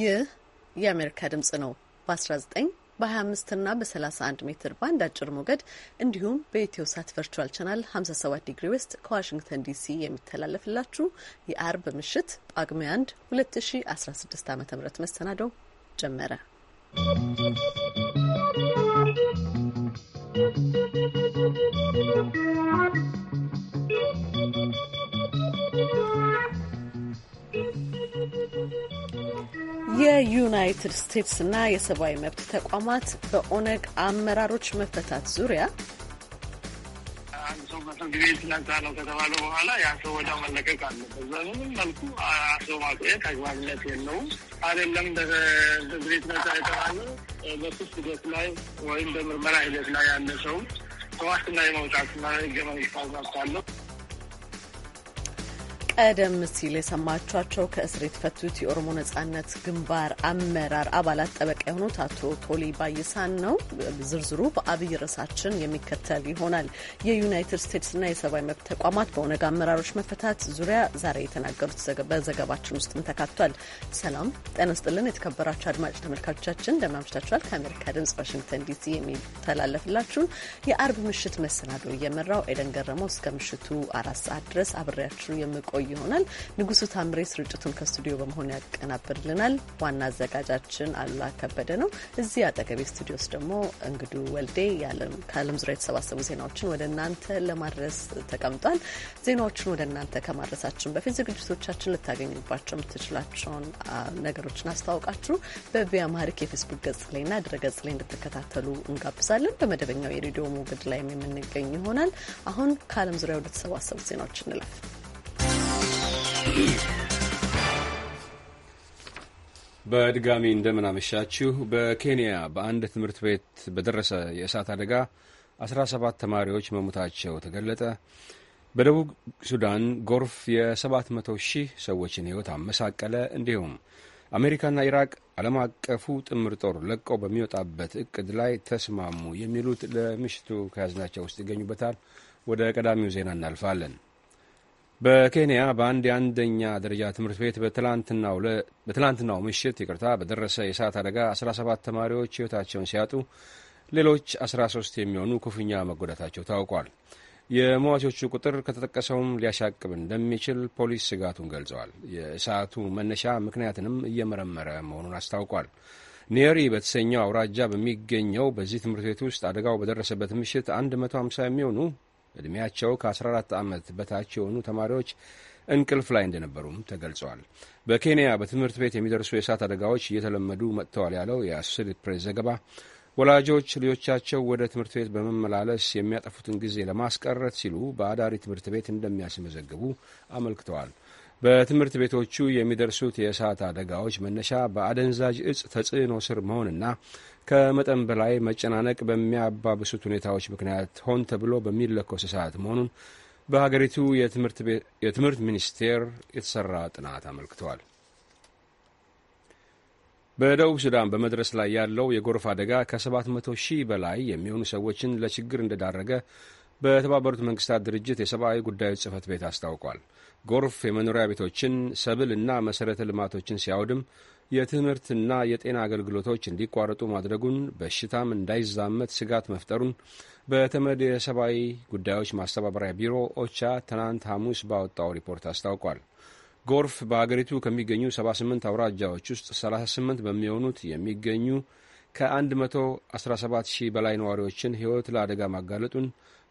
ይህ የአሜሪካ ድምጽ ነው። በ19 በ25 እና በ31 ሜትር ባንድ አጭር ሞገድ እንዲሁም በኢትዮ ሳት ቨርቹዋል ቻናል 57 ዲግሪ ውስጥ ከዋሽንግተን ዲሲ የሚተላለፍላችሁ የአርብ ምሽት ጳጉሜ 1 2016 ዓ ም መሰናዶው ጀመረ። ¶¶ የዩናይትድ ስቴትስና የሰብአዊ መብት ተቋማት በኦነግ አመራሮች መፈታት ዙሪያ ሰው በፍርድ ቤት ነጻ ነው ከተባለ በኋላ ያ ሰው ወዲያው መለቀቅ አለበት። በምንም መልኩ ሰው ማቆየት አግባብነት የለውም። አይደለም በፍርድ ቤት ነጻ የተባለ በሱስ ሂደት ላይ ወይም በምርመራ ሂደት ላይ ያለ ሰው የመውጣት ህገ መንግስት አዛብታለሁ ቀደም ሲል የሰማችኋቸው ከእስር የተፈቱት የኦሮሞ ነጻነት ግንባር አመራር አባላት ጠበቃ የሆኑት አቶ ቶሊ ባይሳን ነው። ዝርዝሩ በአብይ ርዕሳችን የሚከተል ይሆናል። የዩናይትድ ስቴትስና የሰብአዊ መብት ተቋማት በኦነግ አመራሮች መፈታት ዙሪያ ዛሬ የተናገሩት በዘገባችን ውስጥም ተካቷል። ሰላም ጤና ይስጥልን። የተከበራችሁ አድማጭ ተመልካቾቻችን እንደምን አምሽታችኋል። ከአሜሪካ ድምጽ ዋሽንግተን ዲሲ የሚተላለፍላችሁን የአርብ ምሽት መሰናዶ እየመራው ኤደን ገረመው እስከ ምሽቱ አራት ሰዓት ድረስ አብሬያችሁ የምቆ የሚቆይ ይሆናል። ንጉሱ ታምሬ ስርጭቱን ከስቱዲዮ በመሆን ያቀናብርልናል። ዋና አዘጋጃችን አሉላ ከበደ ነው። እዚህ አጠገቤ ስቱዲዮ ውስጥ ደግሞ እንግዱ ወልዴ ከዓለም ዙሪያ የተሰባሰቡ ዜናዎችን ወደ እናንተ ለማድረስ ተቀምጧል። ዜናዎችን ወደ እናንተ ከማድረሳችን በፊት ዝግጅቶቻችን ልታገኙባቸው የምትችላቸውን ነገሮችን አስተዋውቃችሁ በቪያ ማሪክ የፌስቡክ ገጽ ላይና ድረ ገጽ ላይ እንድትከታተሉ እንጋብዛለን። በመደበኛው የሬዲዮ ሞገድ ላይም የምንገኝ ይሆናል። አሁን ከዓለም ዙሪያ ወደ ተሰባሰቡ ዜናዎች እንለፍ። በድጋሚ እንደምናመሻችሁ። በኬንያ በአንድ ትምህርት ቤት በደረሰ የእሳት አደጋ 17 ተማሪዎች መሞታቸው ተገለጠ። በደቡብ ሱዳን ጎርፍ የ700 ሺህ ሰዎችን ሕይወት አመሳቀለ። እንዲሁም አሜሪካና ኢራቅ ዓለም አቀፉ ጥምር ጦር ለቀው በሚወጣበት እቅድ ላይ ተስማሙ። የሚሉት ለምሽቱ ከያዝናቸው ውስጥ ይገኙበታል። ወደ ቀዳሚው ዜና እናልፋለን። በኬንያ በአንድ የአንደኛ ደረጃ ትምህርት ቤት በትላንትናው ምሽት ይቅርታ በደረሰ የእሳት አደጋ 17 ተማሪዎች ሕይወታቸውን ሲያጡ ሌሎች 13 የሚሆኑ ክፉኛ መጎዳታቸው ታውቋል። የሟቾቹ ቁጥር ከተጠቀሰውም ሊያሻቅብ እንደሚችል ፖሊስ ስጋቱን ገልጸዋል። የእሳቱ መነሻ ምክንያትንም እየመረመረ መሆኑን አስታውቋል። ኔሪ በተሰኘው አውራጃ በሚገኘው በዚህ ትምህርት ቤት ውስጥ አደጋው በደረሰበት ምሽት 150 የሚሆኑ ዕድሜያቸው ከ14 ዓመት በታች የሆኑ ተማሪዎች እንቅልፍ ላይ እንደነበሩም ተገልጿል። በኬንያ በትምህርት ቤት የሚደርሱ የእሳት አደጋዎች እየተለመዱ መጥተዋል ያለው የአሶሴትድ ፕሬስ ዘገባ ወላጆች ልጆቻቸው ወደ ትምህርት ቤት በመመላለስ የሚያጠፉትን ጊዜ ለማስቀረት ሲሉ በአዳሪ ትምህርት ቤት እንደሚያስመዘግቡ አመልክተዋል። በትምህርት ቤቶቹ የሚደርሱት የእሳት አደጋዎች መነሻ በአደንዛዥ እጽ ተጽዕኖ ስር መሆንና ከመጠን በላይ መጨናነቅ በሚያባብሱት ሁኔታዎች ምክንያት ሆን ተብሎ በሚለኮስ እሳት መሆኑን በሀገሪቱ የትምህርት ሚኒስቴር የተሰራ ጥናት አመልክተዋል። በደቡብ ሱዳን በመድረስ ላይ ያለው የጎርፍ አደጋ ከ700 ሺህ በላይ የሚሆኑ ሰዎችን ለችግር እንደዳረገ በተባበሩት መንግስታት ድርጅት የሰብአዊ ጉዳዮች ጽህፈት ቤት አስታውቋል። ጎርፍ የመኖሪያ ቤቶችን፣ ሰብል እና መሠረተ ልማቶችን ሲያወድም የትምህርትና የጤና አገልግሎቶች እንዲቋረጡ ማድረጉን፣ በሽታም እንዳይዛመት ስጋት መፍጠሩን በተመድ የሰብአዊ ጉዳዮች ማስተባበሪያ ቢሮ ኦቻ ትናንት ሐሙስ ባወጣው ሪፖርት አስታውቋል። ጎርፍ በሀገሪቱ ከሚገኙ 78 አውራጃዎች ውስጥ 38 በሚሆኑት የሚገኙ ከ117 ሺህ በላይ ነዋሪዎችን ሕይወት ለአደጋ ማጋለጡን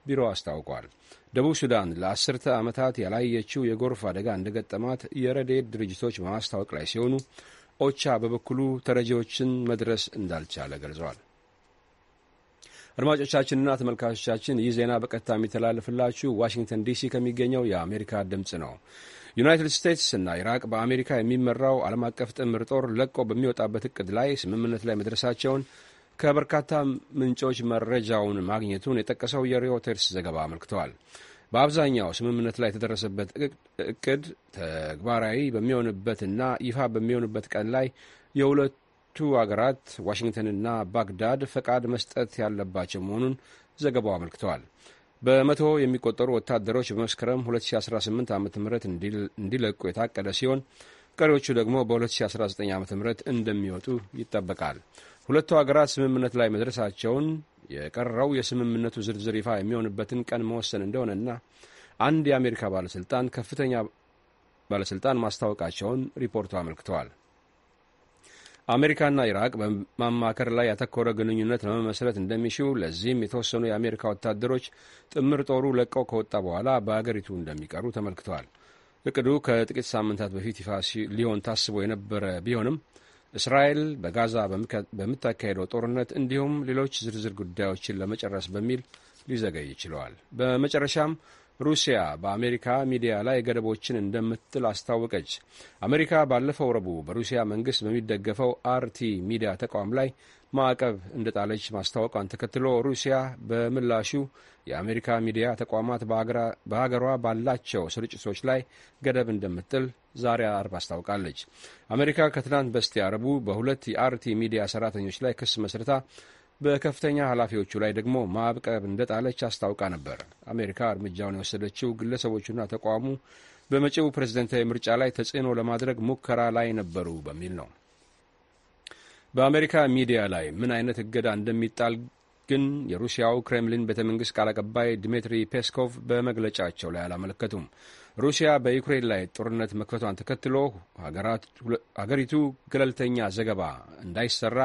ቢሮ አስታውቋል። ደቡብ ሱዳን ለአስርተ ዓመታት ያላየችው የጎርፍ አደጋ እንደገጠማት የረድኤት ድርጅቶች በማስታወቅ ላይ ሲሆኑ ኦቻ በበኩሉ ተረጂዎችን መድረስ እንዳልቻለ ገልጸዋል። አድማጮቻችንና ተመልካቾቻችን ይህ ዜና በቀጥታ የሚተላለፍላችሁ ዋሽንግተን ዲሲ ከሚገኘው የአሜሪካ ድምፅ ነው። ዩናይትድ ስቴትስ እና ኢራቅ በአሜሪካ የሚመራው ዓለም አቀፍ ጥምር ጦር ለቆ በሚወጣበት እቅድ ላይ ስምምነት ላይ መድረሳቸውን ከበርካታ ምንጮች መረጃውን ማግኘቱን የጠቀሰው የሮይተርስ ዘገባ አመልክተዋል። በአብዛኛው ስምምነት ላይ የተደረሰበት እቅድ ተግባራዊ በሚሆንበትና ይፋ በሚሆንበት ቀን ላይ የሁለቱ አገራት ዋሽንግተንና ባግዳድ ፈቃድ መስጠት ያለባቸው መሆኑን ዘገባው አመልክተዋል። በመቶ የሚቆጠሩ ወታደሮች በመስከረም 2018 ዓ ም እንዲለቁ የታቀደ ሲሆን ቀሪዎቹ ደግሞ በ2019 ዓ ም እንደሚወጡ ይጠበቃል። ሁለቱ ሀገራት ስምምነት ላይ መድረሳቸውን የቀረው የስምምነቱ ዝርዝር ይፋ የሚሆንበትን ቀን መወሰን እንደሆነና አንድ የአሜሪካ ባለስልጣን ከፍተኛ ባለስልጣን ማስታወቃቸውን ሪፖርቱ አመልክተዋል። አሜሪካና ኢራቅ በማማከር ላይ ያተኮረ ግንኙነት ለመመስረት እንደሚሽው ለዚህም የተወሰኑ የአሜሪካ ወታደሮች ጥምር ጦሩ ለቀው ከወጣ በኋላ በአገሪቱ እንደሚቀሩ ተመልክተዋል። እቅዱ ከጥቂት ሳምንታት በፊት ይፋ ሊሆን ታስቦ የነበረ ቢሆንም እስራኤል በጋዛ በምታካሄደው ጦርነት እንዲሁም ሌሎች ዝርዝር ጉዳዮችን ለመጨረስ በሚል ሊዘገይ ችለዋል። በመጨረሻም ሩሲያ በአሜሪካ ሚዲያ ላይ ገደቦችን እንደምትጥል አስታወቀች። አሜሪካ ባለፈው ረቡዕ በሩሲያ መንግስት በሚደገፈው አርቲ ሚዲያ ተቋም ላይ ማዕቀብ እንደጣለች ማስታወቋን ተከትሎ ሩሲያ በምላሹ የአሜሪካ ሚዲያ ተቋማት በሀገሯ ባላቸው ስርጭቶች ላይ ገደብ እንደምትጥል ዛሬ አርብ አስታውቃለች። አሜሪካ ከትናንት በስቲያ ረቡዕ በሁለት የአርቲ ሚዲያ ሰራተኞች ላይ ክስ መስርታ በከፍተኛ ኃላፊዎቹ ላይ ደግሞ ማዕቀብ እንደጣለች አስታውቃ ነበር። አሜሪካ እርምጃውን የወሰደችው ግለሰቦቹና ተቋሙ በመጪው ፕሬዝደንታዊ ምርጫ ላይ ተጽዕኖ ለማድረግ ሙከራ ላይ ነበሩ በሚል ነው። በአሜሪካ ሚዲያ ላይ ምን አይነት እገዳ እንደሚጣል ግን የሩሲያው ክሬምሊን ቤተ መንግሥት ቃል አቀባይ ድሜትሪ ፔስኮቭ በመግለጫቸው ላይ አላመለከቱም። ሩሲያ በዩክሬን ላይ ጦርነት መክፈቷን ተከትሎ ሀገሪቱ ገለልተኛ ዘገባ እንዳይሰራ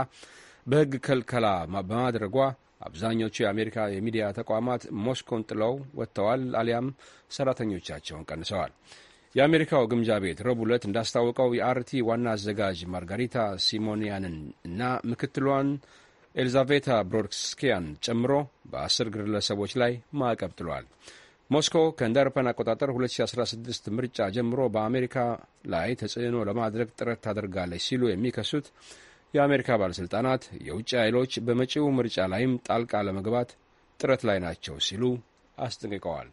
በሕግ ከልከላ በማድረጓ አብዛኞቹ የአሜሪካ የሚዲያ ተቋማት ሞስኮን ጥለው ወጥተዋል አሊያም ሰራተኞቻቸውን ቀንሰዋል። የአሜሪካው ግምጃ ቤት ረቡዕ ዕለት እንዳስታወቀው የአርቲ ዋና አዘጋጅ ማርጋሪታ ሲሞኒያንን እና ምክትሏን ኤልዛቬታ ብሮድስኪያን ጨምሮ በአስር ግለሰቦች ላይ ማዕቀብ ጥሏል። ሞስኮ ከእንደ አውሮፓውያን አቆጣጠር 2016 ምርጫ ጀምሮ በአሜሪካ ላይ ተጽዕኖ ለማድረግ ጥረት ታደርጋለች ሲሉ የሚከሱት የአሜሪካ ባለሥልጣናት የውጭ ኃይሎች በመጪው ምርጫ ላይም ጣልቃ ለመግባት ጥረት ላይ ናቸው ሲሉ አስጠንቅቀዋል።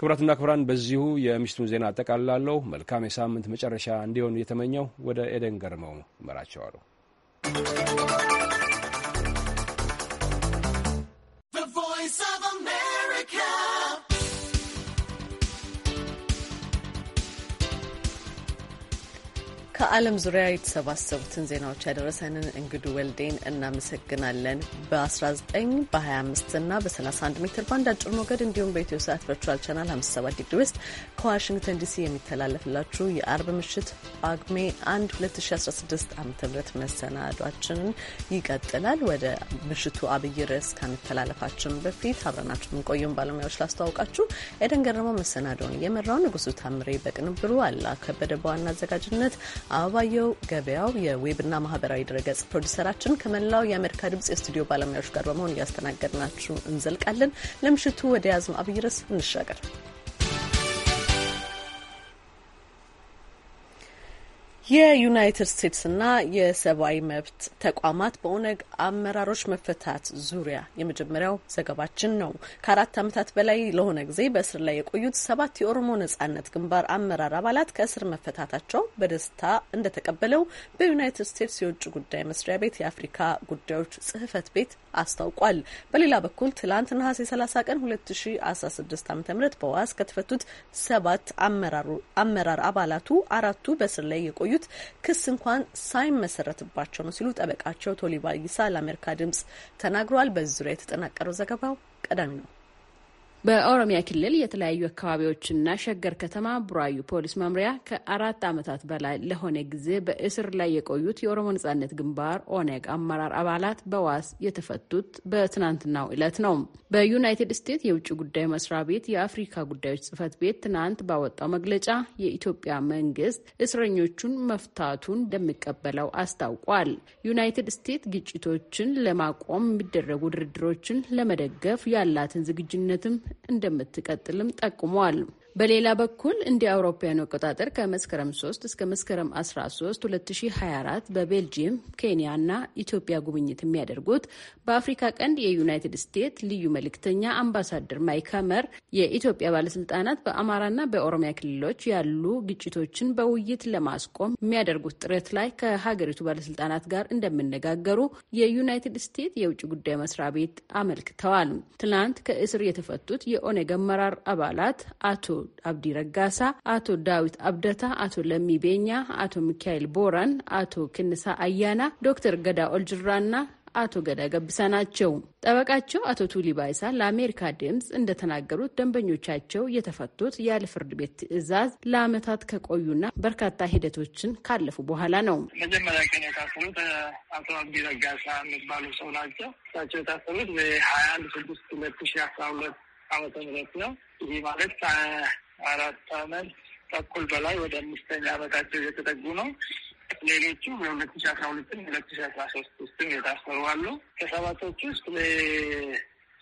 ክቡራትና ክቡራን በዚሁ የምሽቱን ዜና አጠቃልላለሁ። መልካም የሳምንት መጨረሻ እንዲሆን እየተመኘው ወደ ኤደን ገርመው እመራቸዋለሁ። ከዓለም ዙሪያ የተሰባሰቡትን ዜናዎች ያደረሰንን እንግዱ ወልዴን እናመሰግናለን። በ19 በ25 እና በ31 ሜትር ባንድ አጭር ሞገድ እንዲሁም በኢትዮ ሰዓት ቨርቹዋል ቻናል 57 ዲግሪ ውስጥ ከዋሽንግተን ዲሲ የሚተላለፍላችሁ የአርብ ምሽት ጳጉሜ 1 2016 ዓ ም መሰናዷችንን ይቀጥላል። ወደ ምሽቱ አብይ ርዕስ ከመተላለፋችን በፊት አብረናችሁ የምንቆየውን ባለሙያዎች ላስተዋውቃችሁ። ኤደን ገረመው መሰናዶውን እየመራው፣ ንጉሱ ታምሬ በቅንብሩ አላ ከበደ በዋና አዘጋጅነት አበባየው ገበያው የዌብና ማህበራዊ ድረገጽ ፕሮዲሰራችን ከመላው የአሜሪካ ድምጽ የስቱዲዮ ባለሙያዎች ጋር በመሆን እያስተናገድናችሁ እንዘልቃለን። ለምሽቱ ወደ ያዝነው አብይ ርዕስ እንሻገር። የዩናይትድ ስቴትስና የሰብአዊ መብት ተቋማት በኦነግ አመራሮች መፈታት ዙሪያ የመጀመሪያው ዘገባችን ነው። ከአራት ዓመታት በላይ ለሆነ ጊዜ በእስር ላይ የቆዩት ሰባት የኦሮሞ ነጻነት ግንባር አመራር አባላት ከእስር መፈታታቸው በደስታ እንደተቀበለው በዩናይትድ ስቴትስ የውጭ ጉዳይ መስሪያ ቤት የአፍሪካ ጉዳዮች ጽህፈት ቤት አስታውቋል። በሌላ በኩል ትላንት ነሐሴ 30 ቀን 2016 ዓ ም በዋስ ከተፈቱት ሰባት አመራር አባላቱ አራቱ በእስር ላይ የቆዩ የሚሉት ክስ እንኳን ሳይመሰረትባቸው ነው ሲሉ ጠበቃቸው ቶሊባ ይሳ ለአሜሪካ ድምጽ ተናግረዋል። በዚህ ዙሪያ የተጠናቀረው ዘገባው ቀዳሚ ነው። በኦሮሚያ ክልል የተለያዩ አካባቢዎችና ሸገር ከተማ ቡራዩ ፖሊስ መምሪያ ከአራት ዓመታት በላይ ለሆነ ጊዜ በእስር ላይ የቆዩት የኦሮሞ ነጻነት ግንባር ኦነግ አመራር አባላት በዋስ የተፈቱት በትናንትናው ዕለት ነው። በዩናይትድ ስቴትስ የውጭ ጉዳይ መስሪያ ቤት የአፍሪካ ጉዳዮች ጽህፈት ቤት ትናንት ባወጣው መግለጫ የኢትዮጵያ መንግስት እስረኞቹን መፍታቱን እንደሚቀበለው አስታውቋል። ዩናይትድ ስቴትስ ግጭቶችን ለማቆም የሚደረጉ ድርድሮችን ለመደገፍ ያላትን ዝግጁነትም እንደምትቀጥልም ጠቁመዋል። በሌላ በኩል እንደ አውሮፓውያን አቆጣጠር ከመስከረም 3 እስከ መስከረም 13 2024 በቤልጂየም፣ ኬንያ እና ኢትዮጵያ ጉብኝት የሚያደርጉት በአፍሪካ ቀንድ የዩናይትድ ስቴትስ ልዩ መልእክተኛ አምባሳደር ማይክ ሀመር የኢትዮጵያ ባለስልጣናት በአማራና በኦሮሚያ ክልሎች ያሉ ግጭቶችን በውይይት ለማስቆም የሚያደርጉት ጥረት ላይ ከሀገሪቱ ባለስልጣናት ጋር እንደሚነጋገሩ የዩናይትድ ስቴትስ የውጭ ጉዳይ መስሪያ ቤት አመልክተዋል። ትናንት ከእስር የተፈቱት የኦነግ አመራር አባላት አቶ አብዲ ረጋሳ፣ አቶ ዳዊት አብደታ፣ አቶ ለሚ ቤኛ፣ አቶ ሚካኤል ቦራን፣ አቶ ክንሳ አያና፣ ዶክተር ገዳ ኦልጅራና አቶ ገዳ ገብሳ ናቸው። ጠበቃቸው አቶ ቱሊ ባይሳ ለአሜሪካ ድምፅ እንደተናገሩት ደንበኞቻቸው የተፈቱት ያለ ፍርድ ቤት ትዕዛዝ ለዓመታት ከቆዩና በርካታ ሂደቶችን ካለፉ በኋላ ነው። መጀመሪያ ቀን የታሰሩት አቶ አብዲ ረጋሳ የሚባሉ ሰው ናቸው። እሳቸው የታሰሩት በሀያ አንድ ስድስት ሁለት ሺ አስራ ሁለት አመተ ምህረት ነው። ይህ ማለት ከአራት አመት ተኩል በላይ ወደ አምስተኛ አመታቸው እየተጠጉ ነው። ሌሎቹ የሁለት ሺ አስራ ሁለትም ሁለት ሺ አስራ ሶስት ውስጥም የታሰሩ አሉ። ከሰባቶች ውስጥ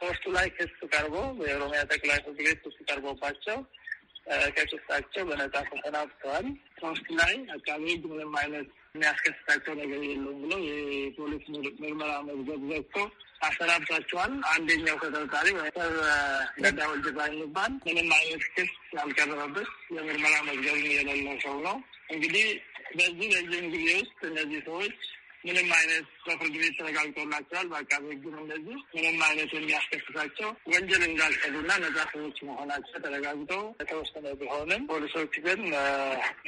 ሶስቱ ላይ ክስ ቀርቦ የኦሮሚያ ጠቅላይ ፍርድ ቤት ክስ ቀርቦባቸው ከክሳቸው በነጻ ተሰናብተዋል። ሶስት ላይ አካባቢ ህግ ምንም አይነት የሚያስከስታቸው ነገር የለውም ብለው የፖሊስ ምርመራ መዝገብ ዘግቶ አሰራብቷቸዋል። አንደኛው ከተጠርጣሪ ረዳ ወልጅባ የሚባል ምንም አይነት ክስ ያልቀረበበት የምርመራ መዝገብ የሌለው ሰው ነው። እንግዲህ በዚህ በዚህም ጊዜ ውስጥ እነዚህ ሰዎች ምንም አይነት በፍርድ ቤት ተረጋግጦላቸዋል። በአቃቤ ሕግም እንደዚህ ምንም አይነት የሚያስከስሳቸው ወንጀል እንዳልሰሩና ነጻ ሰዎች መሆናቸው ተረጋግጦ የተወሰነ ቢሆንም ፖሊሶች ግን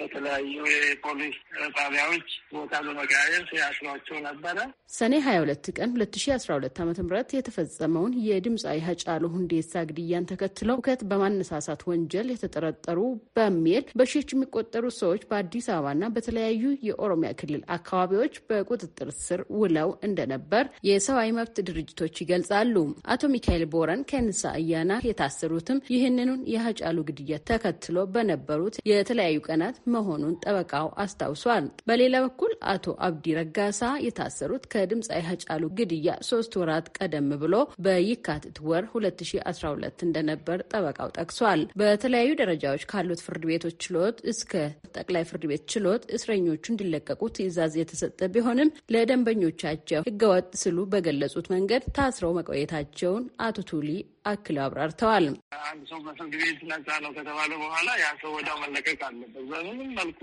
በተለያዩ የፖሊስ ጣቢያዎች ቦታ በመቀያየር ሲያስሯቸው ነበረ። ሰኔ ሀያ ሁለት ቀን ሁለት ሺ አስራ ሁለት ዓመተ ምህረት የተፈጸመውን የድምፃዊ ሀጫሉ ሁንዴሳ ግድያን ተከትለው ሁከት በማነሳሳት ወንጀል የተጠረጠሩ በሚል በሺዎች የሚቆጠሩ ሰዎች በአዲስ አበባና በተለያዩ የኦሮሚያ ክልል አካባቢዎች በቁ ቁጥጥር ስር ውለው እንደነበር የሰብአዊ መብት ድርጅቶች ይገልጻሉ። አቶ ሚካኤል ቦረን ከንሳ አያና የታሰሩትም ይህንኑን የሀጫሉ ግድያ ተከትሎ በነበሩት የተለያዩ ቀናት መሆኑን ጠበቃው አስታውሷል። በሌላ በኩል አቶ አብዲ ረጋሳ የታሰሩት ከድምፃዊ ሀጫሉ ግድያ ሶስት ወራት ቀደም ብሎ በይካትት ወር 2012 እንደነበር ጠበቃው ጠቅሷል። በተለያዩ ደረጃዎች ካሉት ፍርድ ቤቶች ችሎት እስከ ጠቅላይ ፍርድ ቤት ችሎት እስረኞቹ እንዲለቀቁ ትዕዛዝ የተሰጠ ቢሆንም ቢሆንም ለደንበኞቻቸው ህገወጥ ስሉ በገለጹት መንገድ ታስረው መቆየታቸውን አቶ ቱሊ አክለው አብራርተዋል። አንድ ሰው በፍርድ ቤት ነጻ ነው ከተባለ በኋላ ያ ሰው ወዲያው መለቀቅ አለበት። በምንም መልኩ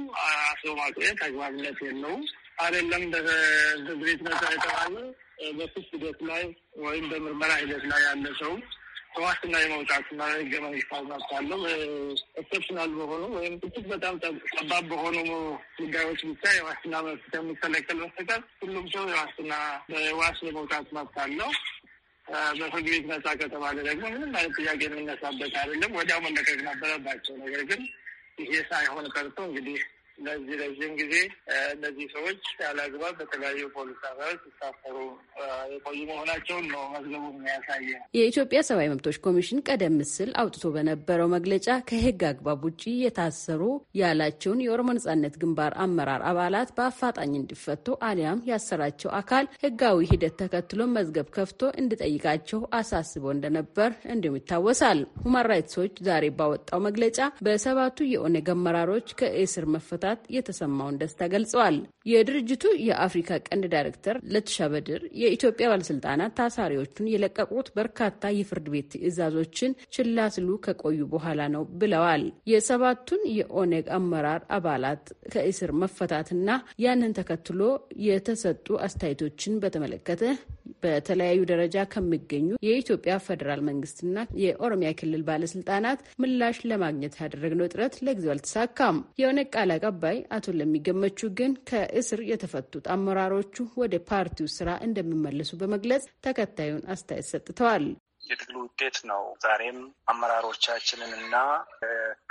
አስሮ ማቆየት አግባብነት የለውም። አይደለም በፍርድ ቤት ነጻ የተባለ በክስ ሂደት ላይ ወይም በምርመራ ሂደት ላይ ያለ ሰው ከዋስትና የመውጣት ህገ መንግስታዊ መብት አለው። ኤክሰፕሽናል በሆኑ ወይም እጅግ በጣም ጠባብ በሆኑ ጉዳዮች ብቻ የዋስትና መብት ከሚከለከል በስተቀር ሁሉም ሰው የዋስትና በዋስ የመውጣት መብት አለው። በፍርድ ቤት ነጻ ከተባለ ደግሞ ምንም አይነት ጥያቄ የሚነሳበት አይደለም። ወዲያው መለቀቅ ነበረባቸው። ነገር ግን ይሄ ሳይሆን ቀርቶ እንግዲህ እነዚህ ረዥም ጊዜ እነዚህ ሰዎች ያለአግባብ በተለያዩ ፖሊስ ጣቢያዎች ሲታሰሩ የቆዩ መሆናቸውን ነው መዝገቡ የሚያሳየው። የኢትዮጵያ ሰብአዊ መብቶች ኮሚሽን ቀደም ሲል አውጥቶ በነበረው መግለጫ ከህግ አግባብ ውጭ የታሰሩ ያላቸውን የኦሮሞ ነጻነት ግንባር አመራር አባላት በአፋጣኝ እንዲፈቱ አሊያም ያሰራቸው አካል ህጋዊ ሂደት ተከትሎ መዝገብ ከፍቶ እንዲጠይቃቸው አሳስቦ እንደነበር እንዲሁም ይታወሳል። ሁማን ራይትስ ዎች ዛሬ ባወጣው መግለጫ በሰባቱ የኦነግ አመራሮች ከእስር መፈታ በመምጣት የተሰማውን ደስታ ገልጸዋል። የድርጅቱ የአፍሪካ ቀንድ ዳይሬክተር ለትሻ በድር የኢትዮጵያ ባለስልጣናት ታሳሪዎቹን የለቀቁት በርካታ የፍርድ ቤት ትዕዛዞችን ችላ ሲሉ ከቆዩ በኋላ ነው ብለዋል። የሰባቱን የኦነግ አመራር አባላት ከእስር መፈታትና ያንን ተከትሎ የተሰጡ አስተያየቶችን በተመለከተ በተለያዩ ደረጃ ከሚገኙ የኢትዮጵያ ፌዴራል መንግስትና የኦሮሚያ ክልል ባለስልጣናት ምላሽ ለማግኘት ያደረግነው ጥረት ለጊዜው አልተሳካም። የኦነግ ቃል አቀባይ አቶ ለሚገመቹ ግን ከእስር የተፈቱት አመራሮቹ ወደ ፓርቲው ስራ እንደሚመለሱ በመግለጽ ተከታዩን አስተያየት ሰጥተዋል። የትግሉ ውጤት ነው። ዛሬም አመራሮቻችንን እና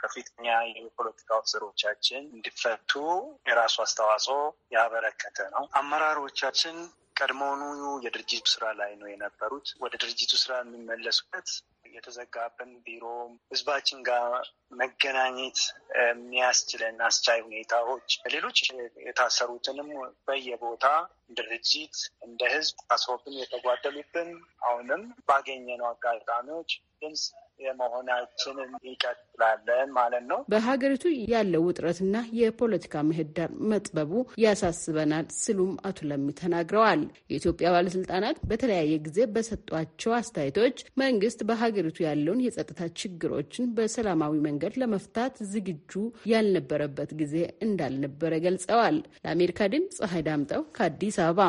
ከፍተኛ የፖለቲካ አውሰሮቻችን እንዲፈቱ የራሱ አስተዋጽኦ ያበረከተ ነው። አመራሮቻችን ቀድሞውኑ የድርጅቱ ስራ ላይ ነው የነበሩት። ወደ ድርጅቱ ስራ የሚመለሱበት የተዘጋብን ቢሮ ህዝባችን ጋር መገናኘት የሚያስችለን አስቻይ ሁኔታዎች፣ ሌሎች የታሰሩትንም በየቦታ ድርጅት እንደ ህዝብ አስሮብን የተጓደሉብን አሁንም ባገኘነው አጋጣሚዎች ድምፅ የመሆናችንን እንቀጥላለን ማለት ነው። በሀገሪቱ ያለው ውጥረትና የፖለቲካ ምህዳር መጥበቡ ያሳስበናል ሲሉም አቶ ለሚ ተናግረዋል። የኢትዮጵያ ባለስልጣናት በተለያየ ጊዜ በሰጧቸው አስተያየቶች መንግስት በሀገሪቱ ያለውን የጸጥታ ችግሮችን በሰላማዊ መንገድ ለመፍታት ዝግጁ ያልነበረበት ጊዜ እንዳልነበረ ገልጸዋል። ለአሜሪካ ድምፅ ፀሐይ ዳምጠው ከአዲስ አበባ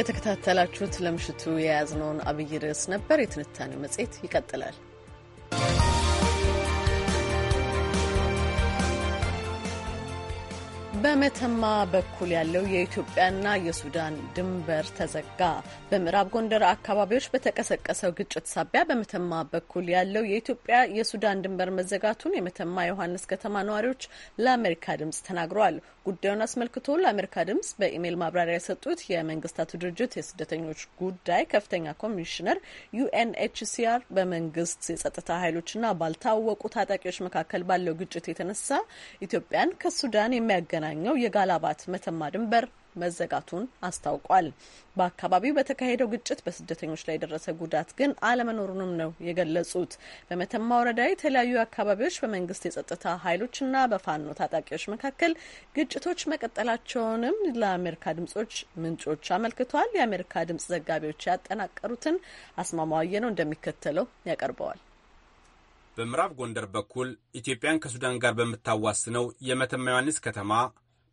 የተከታተላችሁት ለምሽቱ የያዝነውን አብይ ርዕስ ነበር። የትንታኔ መጽሔት ይቀጥላል። በመተማ በኩል ያለው የኢትዮጵያና የሱዳን ድንበር ተዘጋ። በምዕራብ ጎንደር አካባቢዎች በተቀሰቀሰው ግጭት ሳቢያ በመተማ በኩል ያለው የኢትዮጵያ የሱዳን ድንበር መዘጋቱን የመተማ ዮሐንስ ከተማ ነዋሪዎች ለአሜሪካ ድምጽ ተናግረዋል። ጉዳዩን አስመልክቶ ለአሜሪካ ድምጽ በኢሜይል ማብራሪያ የሰጡት የመንግስታቱ ድርጅት የስደተኞች ጉዳይ ከፍተኛ ኮሚሽነር ዩኤንኤችሲአር በመንግስት የጸጥታ ኃይሎችና ባልታወቁ ታጣቂዎች መካከል ባለው ግጭት የተነሳ ኢትዮጵያን ከሱዳን የሚያገናኝ የሚገናኘው የጋላባት መተማ ድንበር መዘጋቱን አስታውቋል። በአካባቢው በተካሄደው ግጭት በስደተኞች ላይ የደረሰ ጉዳት ግን አለመኖሩንም ነው የገለጹት። በመተማ ወረዳ የተለያዩ አካባቢዎች በመንግስት የጸጥታ ኃይሎችና በፋኖ ታጣቂዎች መካከል ግጭቶች መቀጠላቸውንም ለአሜሪካ ድምጾች ምንጮች አመልክተዋል። የአሜሪካ ድምጽ ዘጋቢዎች ያጠናቀሩትን አስማማዋየ ነው እንደሚከተለው ያቀርበዋል። በምዕራብ ጎንደር በኩል ኢትዮጵያን ከሱዳን ጋር በምታዋስነው የመተማ ዮሐንስ ከተማ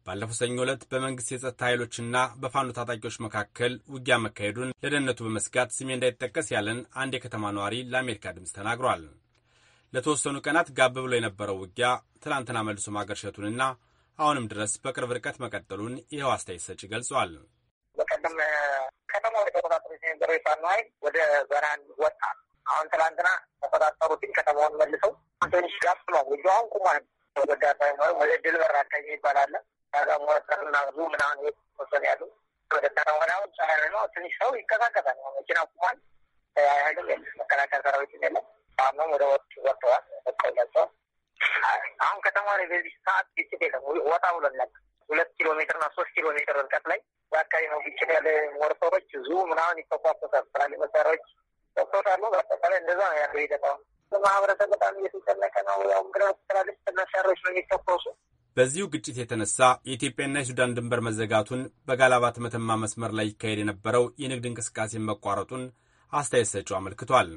ባለፈው ሰኞ ዕለት በመንግሥት የጸጥታ ኃይሎችና በፋኖ ታጣቂዎች መካከል ውጊያ መካሄዱን ለደህንነቱ በመስጋት ስሜ እንዳይጠቀስ ያለን አንድ የከተማ ነዋሪ ለአሜሪካ ድምፅ ተናግሯል። ለተወሰኑ ቀናት ጋብ ብሎ የነበረው ውጊያ ትናንትና መልሶ ማገርሸቱንና አሁንም ድረስ በቅርብ ርቀት መቀጠሉን ይኸው አስተያየት ሰጪ ገልጿል። በቀደም ከተማ ወደ ተቆጣጠሩ የነበረው የፋኖ ኃይል ወደ በራን ወጣ። አሁን ትላንትና ተቆጣጠሩትን ከተማውን መልሰው ትንሽ ጋብ ነው። ውጊያውን ቁሟል። ወደ ወደ ድል በራ ይባላለን ሞተርና ብዙ ምናምን ወሰን ያሉ ወደ ተራወዳውን ፀሐይ ነው። ትንሽ ሰው ይቀሳቀሳል። መኪና ቁሟል። አይሄድም። መከላከያ ሰራዊት የለም። አሁንም ወደ ወጥ ወጥተዋል። ቆላቸው አሁን ከተማ ላይ በዚህ ሰዓት ግጭት የለም። ወጣ ብሎናል። ሁለት ኪሎ ሜትር እና ሶስት ኪሎ ሜትር ርቀት ላይ በአካባቢ ነው ግጭት ያለ። ሞርተሮች ዙ ምናምን ይተኳሰሳል። ትላልቅ መሳሪያዎች ወጥቶታሉ። በአጠቃላይ እንደዛ ነው ያለው ሂደት። አሁን ማህበረሰብ በጣም እየተጨነቀ ነው። ያው ምክንያቱ ትላልቅ መሳሪያዎች ነው የሚተኮሱ በዚሁ ግጭት የተነሳ የኢትዮጵያና የሱዳን ድንበር መዘጋቱን በጋላባት መተማ መስመር ላይ ይካሄድ የነበረው የንግድ እንቅስቃሴ መቋረጡን አስተያየት ሰጪው አመልክቷል።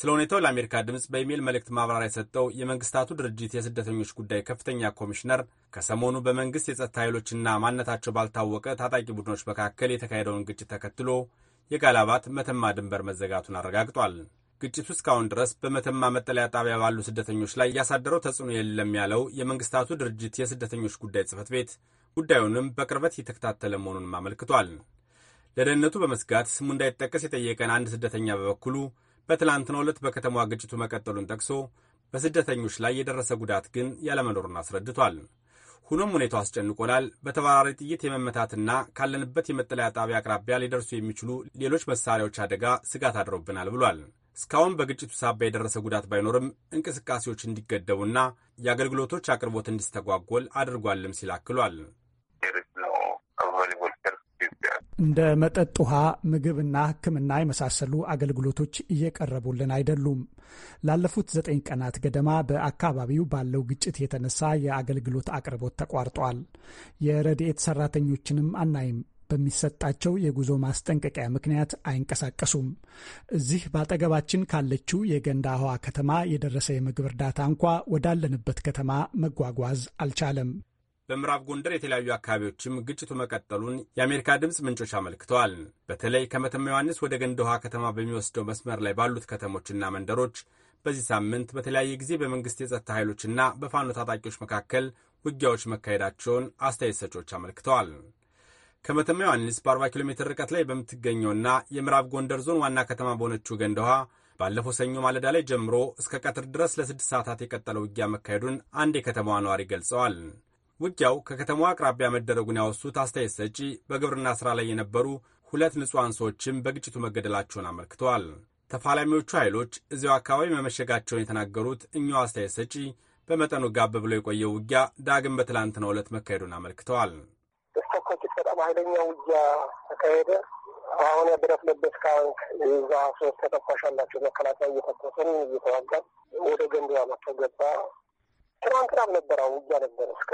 ስለ ሁኔታው ለአሜሪካ ድምፅ በኢሜይል መልእክት ማብራሪያ የሰጠው የመንግስታቱ ድርጅት የስደተኞች ጉዳይ ከፍተኛ ኮሚሽነር ከሰሞኑ በመንግስት የጸጥታ ኃይሎችና ማንነታቸው ባልታወቀ ታጣቂ ቡድኖች መካከል የተካሄደውን ግጭት ተከትሎ የጋላባት መተማ ድንበር መዘጋቱን አረጋግጧል። ግጭቱ እስካሁን ድረስ በመተማ መጠለያ ጣቢያ ባሉ ስደተኞች ላይ ያሳደረው ተጽዕኖ የለም ያለው የመንግስታቱ ድርጅት የስደተኞች ጉዳይ ጽህፈት ቤት ጉዳዩንም በቅርበት እየተከታተለ መሆኑንም አመልክቷል። ለደህንነቱ በመስጋት ስሙ እንዳይጠቀስ የጠየቀን አንድ ስደተኛ በበኩሉ በትላንትናው ዕለት በከተማዋ ግጭቱ መቀጠሉን ጠቅሶ በስደተኞች ላይ የደረሰ ጉዳት ግን ያለመኖሩን አስረድቷል። ሁኖም ሁኔታው አስጨንቆናል። በተባራሪ ጥይት የመመታትና ካለንበት የመጠለያ ጣቢያ አቅራቢያ ሊደርሱ የሚችሉ ሌሎች መሳሪያዎች አደጋ ስጋት አድሮብናል ብሏል። እስካሁን በግጭቱ ሳቢያ የደረሰ ጉዳት ባይኖርም እንቅስቃሴዎች እንዲገደቡና የአገልግሎቶች አቅርቦት እንዲስተጓጎል አድርጓልም ሲል አክሏል። እንደ መጠጥ ውሃ፣ ምግብና ሕክምና የመሳሰሉ አገልግሎቶች እየቀረቡልን አይደሉም። ላለፉት ዘጠኝ ቀናት ገደማ በአካባቢው ባለው ግጭት የተነሳ የአገልግሎት አቅርቦት ተቋርጧል። የረድኤት ሰራተኞችንም አናይም። በሚሰጣቸው የጉዞ ማስጠንቀቂያ ምክንያት አይንቀሳቀሱም። እዚህ በአጠገባችን ካለችው የገንዳ ውሃ ከተማ የደረሰ የምግብ እርዳታ እንኳ ወዳለንበት ከተማ መጓጓዝ አልቻለም። በምዕራብ ጎንደር የተለያዩ አካባቢዎችም ግጭቱ መቀጠሉን የአሜሪካ ድምፅ ምንጮች አመልክተዋል። በተለይ ከመተማ ዮሐንስ ወደ ገንዳ ውሃ ከተማ በሚወስደው መስመር ላይ ባሉት ከተሞችና መንደሮች በዚህ ሳምንት በተለያየ ጊዜ በመንግስት የጸጥታ ኃይሎችና በፋኖ ታጣቂዎች መካከል ውጊያዎች መካሄዳቸውን አስተያየት ሰጮች አመልክተዋል። ከመተማ ዮሐንስ በ40 ኪሎ ሜትር ርቀት ላይ በምትገኘውና የምዕራብ ጎንደር ዞን ዋና ከተማ በሆነችው ገንደውሃ ባለፈው ሰኞ ማለዳ ላይ ጀምሮ እስከ ቀትር ድረስ ለስድስት ሰዓታት የቀጠለው ውጊያ መካሄዱን አንድ የከተማዋ ነዋሪ ገልጸዋል። ውጊያው ከከተማዋ አቅራቢያ መደረጉን ያወሱት አስተያየት ሰጪ በግብርና ስራ ላይ የነበሩ ሁለት ንጹሐን ሰዎችም በግጭቱ መገደላቸውን አመልክተዋል። ተፋላሚዎቹ ኃይሎች እዚያው አካባቢ መመሸጋቸውን የተናገሩት እኛው አስተያየት ሰጪ በመጠኑ ጋብ ብሎ የቆየው ውጊያ ዳግም በትላንትናው ዕለት መካሄዱን አመልክተዋል። በኃይለኛ ውጊያ ተካሄደ። አሁን የብረት ለበስ ካንክ ዛ ሶስት ተተኳሽ ያላቸው መከላከያ እየተኮሰን እየተዋጋን ወደ ገንዳ መጥቶ ገባ። ትናንትናም ነበረ ውጊያ ነበር እስከ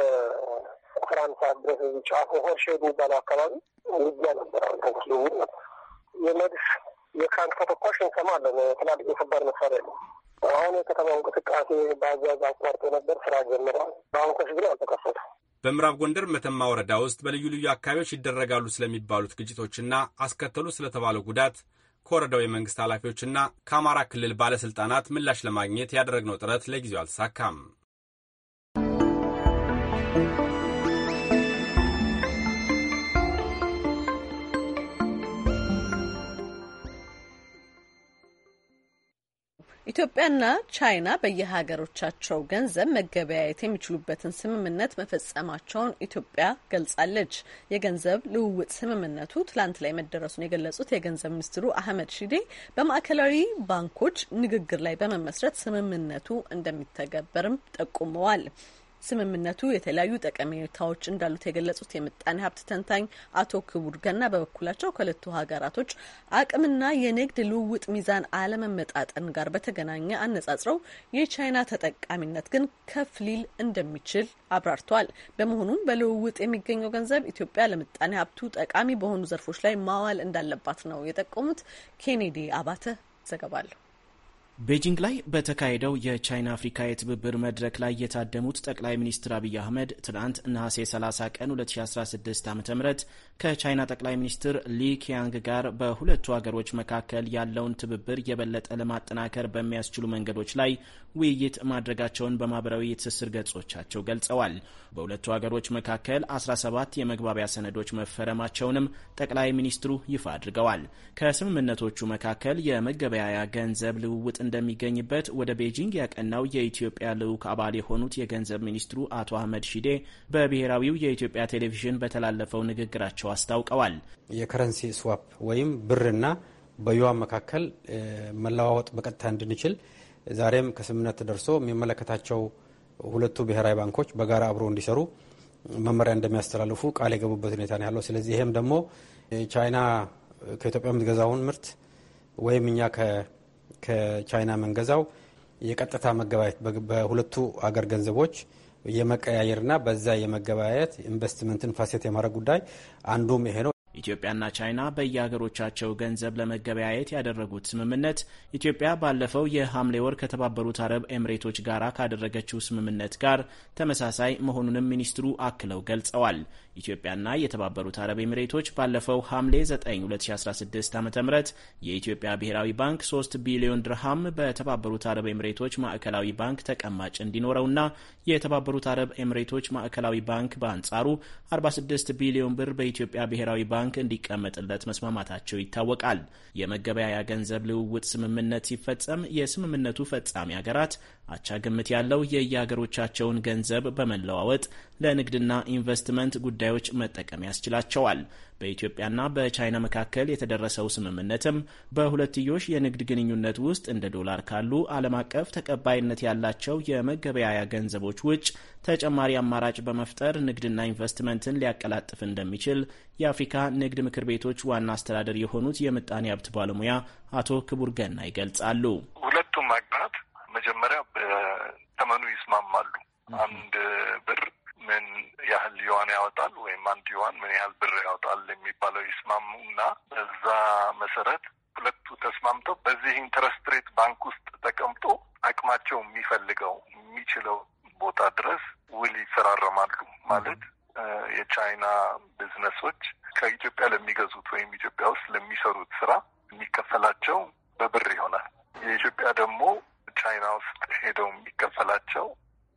ፍራንሳ ድረስ ጫፎ ሆርሼ የሚባለው አካባቢ ውጊያ ነበር። አሁን ተኩስ ልውውጥ ነበር። የመድፍ የክራንት ተተኳሽ እንሰማለን። ትላልቅ የከባድ መሳሪያ አሁን የከተማ እንቅስቃሴ በአዛዝ አቋርጦ ነበር፣ ስራ ጀምረዋል። ባንኮች ግን አልተከፈቱም። በምዕራብ ጎንደር መተማ ወረዳ ውስጥ በልዩ ልዩ አካባቢዎች ይደረጋሉ ስለሚባሉት ግጭቶችና አስከተሉ ስለተባለው ጉዳት ከወረዳው የመንግስት ኃላፊዎችና ከአማራ ክልል ባለስልጣናት ምላሽ ለማግኘት ያደረግነው ጥረት ለጊዜው አልተሳካም። ኢትዮጵያና ቻይና በየሀገሮቻቸው ገንዘብ መገበያየት የሚችሉበትን ስምምነት መፈጸማቸውን ኢትዮጵያ ገልጻለች። የገንዘብ ልውውጥ ስምምነቱ ትላንት ላይ መደረሱን የገለጹት የገንዘብ ሚኒስትሩ አህመድ ሺዴ በማዕከላዊ ባንኮች ንግግር ላይ በመመስረት ስምምነቱ እንደሚተገበርም ጠቁመዋል። ስምምነቱ የተለያዩ ጠቀሜታዎች እንዳሉት የገለጹት የምጣኔ ሀብት ተንታኝ አቶ ክቡር ገና በበኩላቸው ከሁለቱ ሀገራቶች አቅምና የንግድ ልውውጥ ሚዛን አለመመጣጠን ጋር በተገናኘ አነጻጽረው የቻይና ተጠቃሚነት ግን ከፍ ሊል እንደሚችል አብራርተዋል። በመሆኑም በልውውጥ የሚገኘው ገንዘብ ኢትዮጵያ ለምጣኔ ሀብቱ ጠቃሚ በሆኑ ዘርፎች ላይ ማዋል እንዳለባት ነው የጠቆሙት። ኬኔዲ አባተ ዘገባለሁ። ቤጂንግ ላይ በተካሄደው የቻይና አፍሪካ የትብብር መድረክ ላይ የታደሙት ጠቅላይ ሚኒስትር አብይ አህመድ ትናንት ነሐሴ 30 ቀን 2016 ዓ ም ከቻይና ጠቅላይ ሚኒስትር ሊ ኪያንግ ጋር በሁለቱ ሀገሮች መካከል ያለውን ትብብር የበለጠ ለማጠናከር በሚያስችሉ መንገዶች ላይ ውይይት ማድረጋቸውን በማህበራዊ የትስስር ገጾቻቸው ገልጸዋል። በሁለቱ ሀገሮች መካከል 17 የመግባቢያ ሰነዶች መፈረማቸውንም ጠቅላይ ሚኒስትሩ ይፋ አድርገዋል። ከስምምነቶቹ መካከል የመገበያያ ገንዘብ ልውውጥ እንደሚገኝበት ወደ ቤጂንግ ያቀናው የኢትዮጵያ ልዑክ አባል የሆኑት የገንዘብ ሚኒስትሩ አቶ አህመድ ሺዴ በብሔራዊው የኢትዮጵያ ቴሌቪዥን በተላለፈው ንግግራቸው አስታውቀዋል። የከረንሲ ስዋፕ ወይም ብርና በዩዋ መካከል መለዋወጥ በቀጥታ እንድንችል ዛሬም ከስምምነት ደርሶ የሚመለከታቸው ሁለቱ ብሔራዊ ባንኮች በጋራ አብሮ እንዲሰሩ መመሪያ እንደሚያስተላልፉ ቃል የገቡበት ሁኔታ ነው ያለው። ስለዚህ ይህም ደግሞ ቻይና ከኢትዮጵያ የምትገዛውን ምርት ወይም እኛ ከቻይና መንገዛው የቀጥታ መገበያየት በሁለቱ አገር ገንዘቦች የመቀያየርና በዛ የመገበያየት ኢንቨስትመንትን ፋሴት የማድረግ ጉዳይ አንዱም ይሄ ነው። ኢትዮጵያና ቻይና በየሀገሮቻቸው ገንዘብ ለመገበያየት ያደረጉት ስምምነት ኢትዮጵያ ባለፈው የሐምሌ ወር ከተባበሩት አረብ ኤምሬቶች ጋር ካደረገችው ስምምነት ጋር ተመሳሳይ መሆኑንም ሚኒስትሩ አክለው ገልጸዋል። ኢትዮጵያና የተባበሩት አረብ ኤምሬቶች ባለፈው ሐምሌ 9 2016 ዓ ም የኢትዮጵያ ብሔራዊ ባንክ 3 ቢሊዮን ድርሃም በተባበሩት አረብ ኤምሬቶች ማዕከላዊ ባንክ ተቀማጭ እንዲኖረውና የተባበሩት አረብ ኤምሬቶች ማዕከላዊ ባንክ በአንጻሩ 46 ቢሊዮን ብር በኢትዮጵያ ብሔራዊ ባንክ ባንክ እንዲቀመጥለት መስማማታቸው ይታወቃል። የመገበያያ ገንዘብ ልውውጥ ስምምነት ሲፈጸም የስምምነቱ ፈጻሚ ሀገራት አቻ ግምት ያለው የየሀገሮቻቸውን ገንዘብ በመለዋወጥ ለንግድና ኢንቨስትመንት ጉዳዮች መጠቀም ያስችላቸዋል። በኢትዮጵያና በቻይና መካከል የተደረሰው ስምምነትም በሁለትዮሽ የንግድ ግንኙነት ውስጥ እንደ ዶላር ካሉ ዓለም አቀፍ ተቀባይነት ያላቸው የመገበያያ ገንዘቦች ውጭ ተጨማሪ አማራጭ በመፍጠር ንግድና ኢንቨስትመንትን ሊያቀላጥፍ እንደሚችል የአፍሪካ ንግድ ምክር ቤቶች ዋና አስተዳደር የሆኑት የምጣኔ ሀብት ባለሙያ አቶ ክቡር ገና ይገልጻሉ። ሁለቱም አገራት መጀመሪያ በተመኑ ይስማማሉ። አንድ ብር ምን ያህል ዩዋን ያወጣል ወይም አንድ ዩዋን ምን ያህል ብር ያወጣል የሚባለው ይስማሙ እና በዛ መሰረት ሁለቱ ተስማምተው በዚህ ኢንተረስት ሬት ባንክ ውስጥ ተቀምጦ አቅማቸው የሚፈልገው የሚችለው ቦታ ድረስ ውል ይፈራረማሉ ማለት የቻይና ቢዝነሶች ከኢትዮጵያ ለሚገዙት ወይም ኢትዮጵያ ውስጥ ለሚሰሩት ስራ የሚከፈላቸው በብር ይሆናል። የኢትዮጵያ ደግሞ ቻይና ውስጥ ሄደው የሚከፈላቸው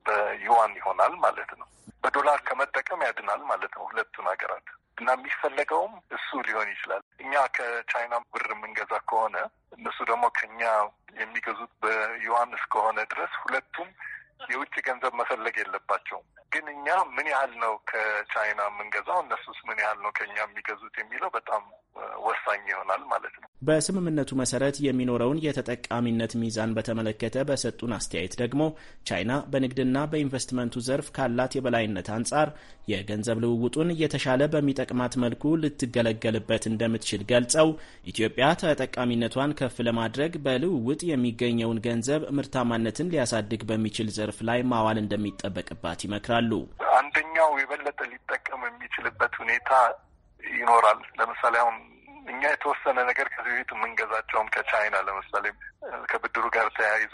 በዩዋን ይሆናል ማለት ነው። በዶላር ከመጠቀም ያድናል ማለት ነው ሁለቱን ሀገራት እና የሚፈለገውም እሱ ሊሆን ይችላል። እኛ ከቻይና ብር የምንገዛ ከሆነ እነሱ ደግሞ ከኛ የሚገዙት በዩዋን እስከሆነ ድረስ ሁለቱም የውጭ ገንዘብ መፈለግ የለባቸውም። ግን እኛ ምን ያህል ነው ከቻይና የምንገዛው፣ እነሱስ ምን ያህል ነው ከኛ የሚገዙት የሚለው በጣም ወሳኝ ይሆናል ማለት ነው። በስምምነቱ መሰረት የሚኖረውን የተጠቃሚነት ሚዛን በተመለከተ በሰጡን አስተያየት ደግሞ ቻይና በንግድና በኢንቨስትመንቱ ዘርፍ ካላት የበላይነት አንጻር የገንዘብ ልውውጡን እየተሻለ በሚጠቅማት መልኩ ልትገለገልበት እንደምትችል ገልጸው ኢትዮጵያ ተጠቃሚነቷን ከፍ ለማድረግ በልውውጥ የሚገኘውን ገንዘብ ምርታማነትን ሊያሳድግ በሚችል ዘርፍ ላይ ማዋል እንደሚጠበቅባት ይመክራሉ። አንደኛው የበለጠ ሊጠቀም የሚችልበት ሁኔታ ይኖራል። ለምሳሌ አሁን እኛ የተወሰነ ነገር ከዚህ በፊት የምንገዛቸውም ከቻይና ለምሳሌ ከብድሩ ጋር ተያይዞ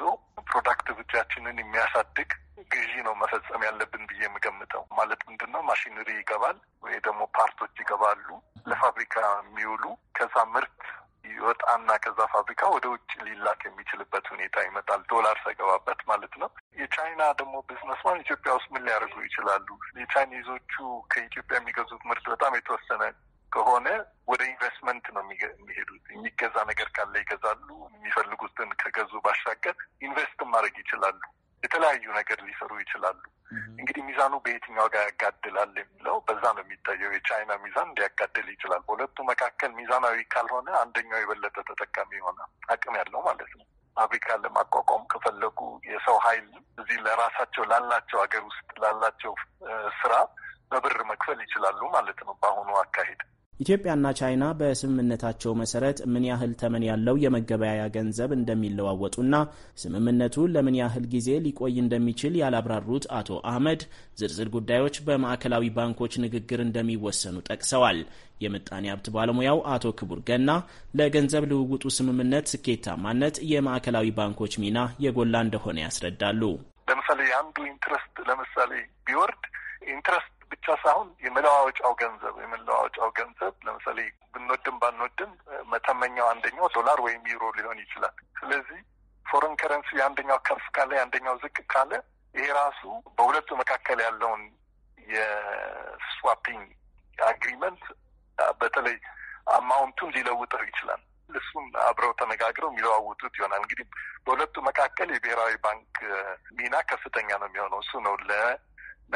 ፕሮዳክት ብቻችንን የሚያሳድግ ግዢ ነው መፈጸም ያለብን ብዬ የምገምተው። ማለት ምንድን ነው ማሽነሪ ይገባል ወይ ደግሞ ፓርቶች ይገባሉ ለፋብሪካ የሚውሉ ከዛ ምርት ይወጣና ከዛ ፋብሪካ ወደ ውጭ ሊላክ የሚችልበት ሁኔታ ይመጣል። ዶላር ሳይገባበት ማለት ነው። የቻይና ደግሞ ቢዝነስማን ኢትዮጵያ ውስጥ ምን ሊያደርጉ ይችላሉ? የቻይኒዞቹ ከኢትዮጵያ የሚገዙት ምርት በጣም የተወሰነ ከሆነ ወደ ኢንቨስትመንት ነው የሚሄዱት። የሚገዛ ነገር ካለ ይገዛሉ። የሚፈልጉትን ከገዙ ባሻገር ኢንቨስት ማድረግ ይችላሉ። የተለያዩ ነገር ሊሰሩ ይችላሉ። እንግዲህ ሚዛኑ በየትኛው ጋር ያጋድላል የሚለው በዛ ነው የሚታየው። የቻይና ሚዛን እንዲያጋድል ይችላል። በሁለቱ መካከል ሚዛናዊ ካልሆነ አንደኛው የበለጠ ተጠቃሚ የሆነ አቅም ያለው ማለት ነው። አፍሪካ ለማቋቋም ከፈለጉ የሰው ኃይል እዚህ ለራሳቸው ላላቸው ሀገር ውስጥ ላላቸው ስራ በብር መክፈል ይችላሉ ማለት ነው በአሁኑ አካሄድ ኢትዮጵያና ቻይና በስምምነታቸው መሰረት ምን ያህል ተመን ያለው የመገበያያ ገንዘብ እንደሚለዋወጡና ስምምነቱ ለምን ያህል ጊዜ ሊቆይ እንደሚችል ያላብራሩት አቶ አህመድ ዝርዝር ጉዳዮች በማዕከላዊ ባንኮች ንግግር እንደሚወሰኑ ጠቅሰዋል። የምጣኔ ሀብት ባለሙያው አቶ ክቡር ገና ለገንዘብ ልውውጡ ስምምነት ስኬታማነት የማዕከላዊ ባንኮች ሚና የጎላ እንደሆነ ያስረዳሉ። ለምሳሌ የአንዱ ኢንትረስት ለምሳሌ ቢወርድ ኢንትረስት ብቻ ሳይሆን የመለዋወጫው ገንዘብ የመለዋወጫው ገንዘብ ለምሳሌ ብንወድም ባንወድም መተመኛው አንደኛው ዶላር ወይም ዩሮ ሊሆን ይችላል። ስለዚህ ፎረን ከረንሲ የአንደኛው ከፍ ካለ የአንደኛው ዝቅ ካለ ይሄ ራሱ በሁለቱ መካከል ያለውን የስዋፒንግ አግሪመንት በተለይ አማውንቱን ሊለውጠው ይችላል። እሱም አብረው ተነጋግረው የሚለዋውጡት ይሆናል። እንግዲህ በሁለቱ መካከል የብሔራዊ ባንክ ሚና ከፍተኛ ነው የሚሆነው። እሱ ነው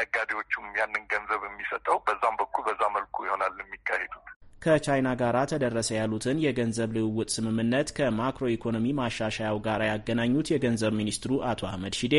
ነጋዴዎቹም ያንን ገንዘብ የሚሰጠው በዛም በኩል በዛ መልኩ ይሆናል የሚካሄዱት። ከቻይና ጋር ተደረሰ ያሉትን የገንዘብ ልውውጥ ስምምነት ከማክሮ ኢኮኖሚ ማሻሻያው ጋር ያገናኙት የገንዘብ ሚኒስትሩ አቶ አህመድ ሺዴ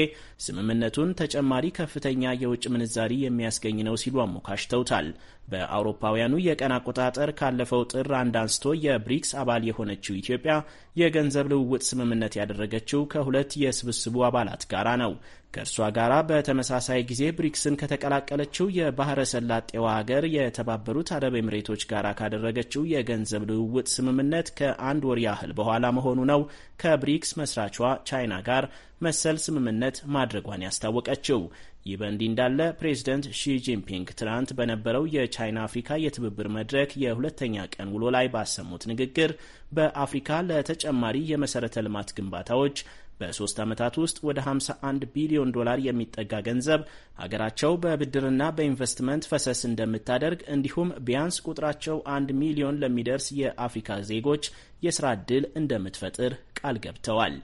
ስምምነቱን ተጨማሪ ከፍተኛ የውጭ ምንዛሪ የሚያስገኝ ነው ሲሉ አሞካሽተውታል። በአውሮፓውያኑ የቀን አቆጣጠር ካለፈው ጥር አንድ አንስቶ የብሪክስ አባል የሆነችው ኢትዮጵያ የገንዘብ ልውውጥ ስምምነት ያደረገችው ከሁለት የስብስቡ አባላት ጋራ ነው። ከእርሷ ጋራ በተመሳሳይ ጊዜ ብሪክስን ከተቀላቀለችው የባህረ ሰላጤዋ ሀገር የተባበሩት አረብ ኤምሬቶች ጋር ካደረገችው የገንዘብ ልውውጥ ስምምነት ከአንድ ወር ያህል በኋላ መሆኑ ነው ከብሪክስ መስራቿ ቻይና ጋር መሰል ስምምነት ማድረጓን ያስታወቀችው። ይህ በእንዲህ እንዳለ ፕሬዚደንት ሺጂንፒንግ ትናንት በነበረው የቻይና አፍሪካ የትብብር መድረክ የሁለተኛ ቀን ውሎ ላይ ባሰሙት ንግግር በአፍሪካ ለተጨማሪ የመሰረተ ልማት ግንባታዎች በሶስት ዓመታት ውስጥ ወደ 51 ቢሊዮን ዶላር የሚጠጋ ገንዘብ ሀገራቸው በብድርና በኢንቨስትመንት ፈሰስ እንደምታደርግ እንዲሁም ቢያንስ ቁጥራቸው አንድ ሚሊዮን ለሚደርስ የአፍሪካ ዜጎች የስራ ዕድል እንደምትፈጥር ቃል ገብተዋል።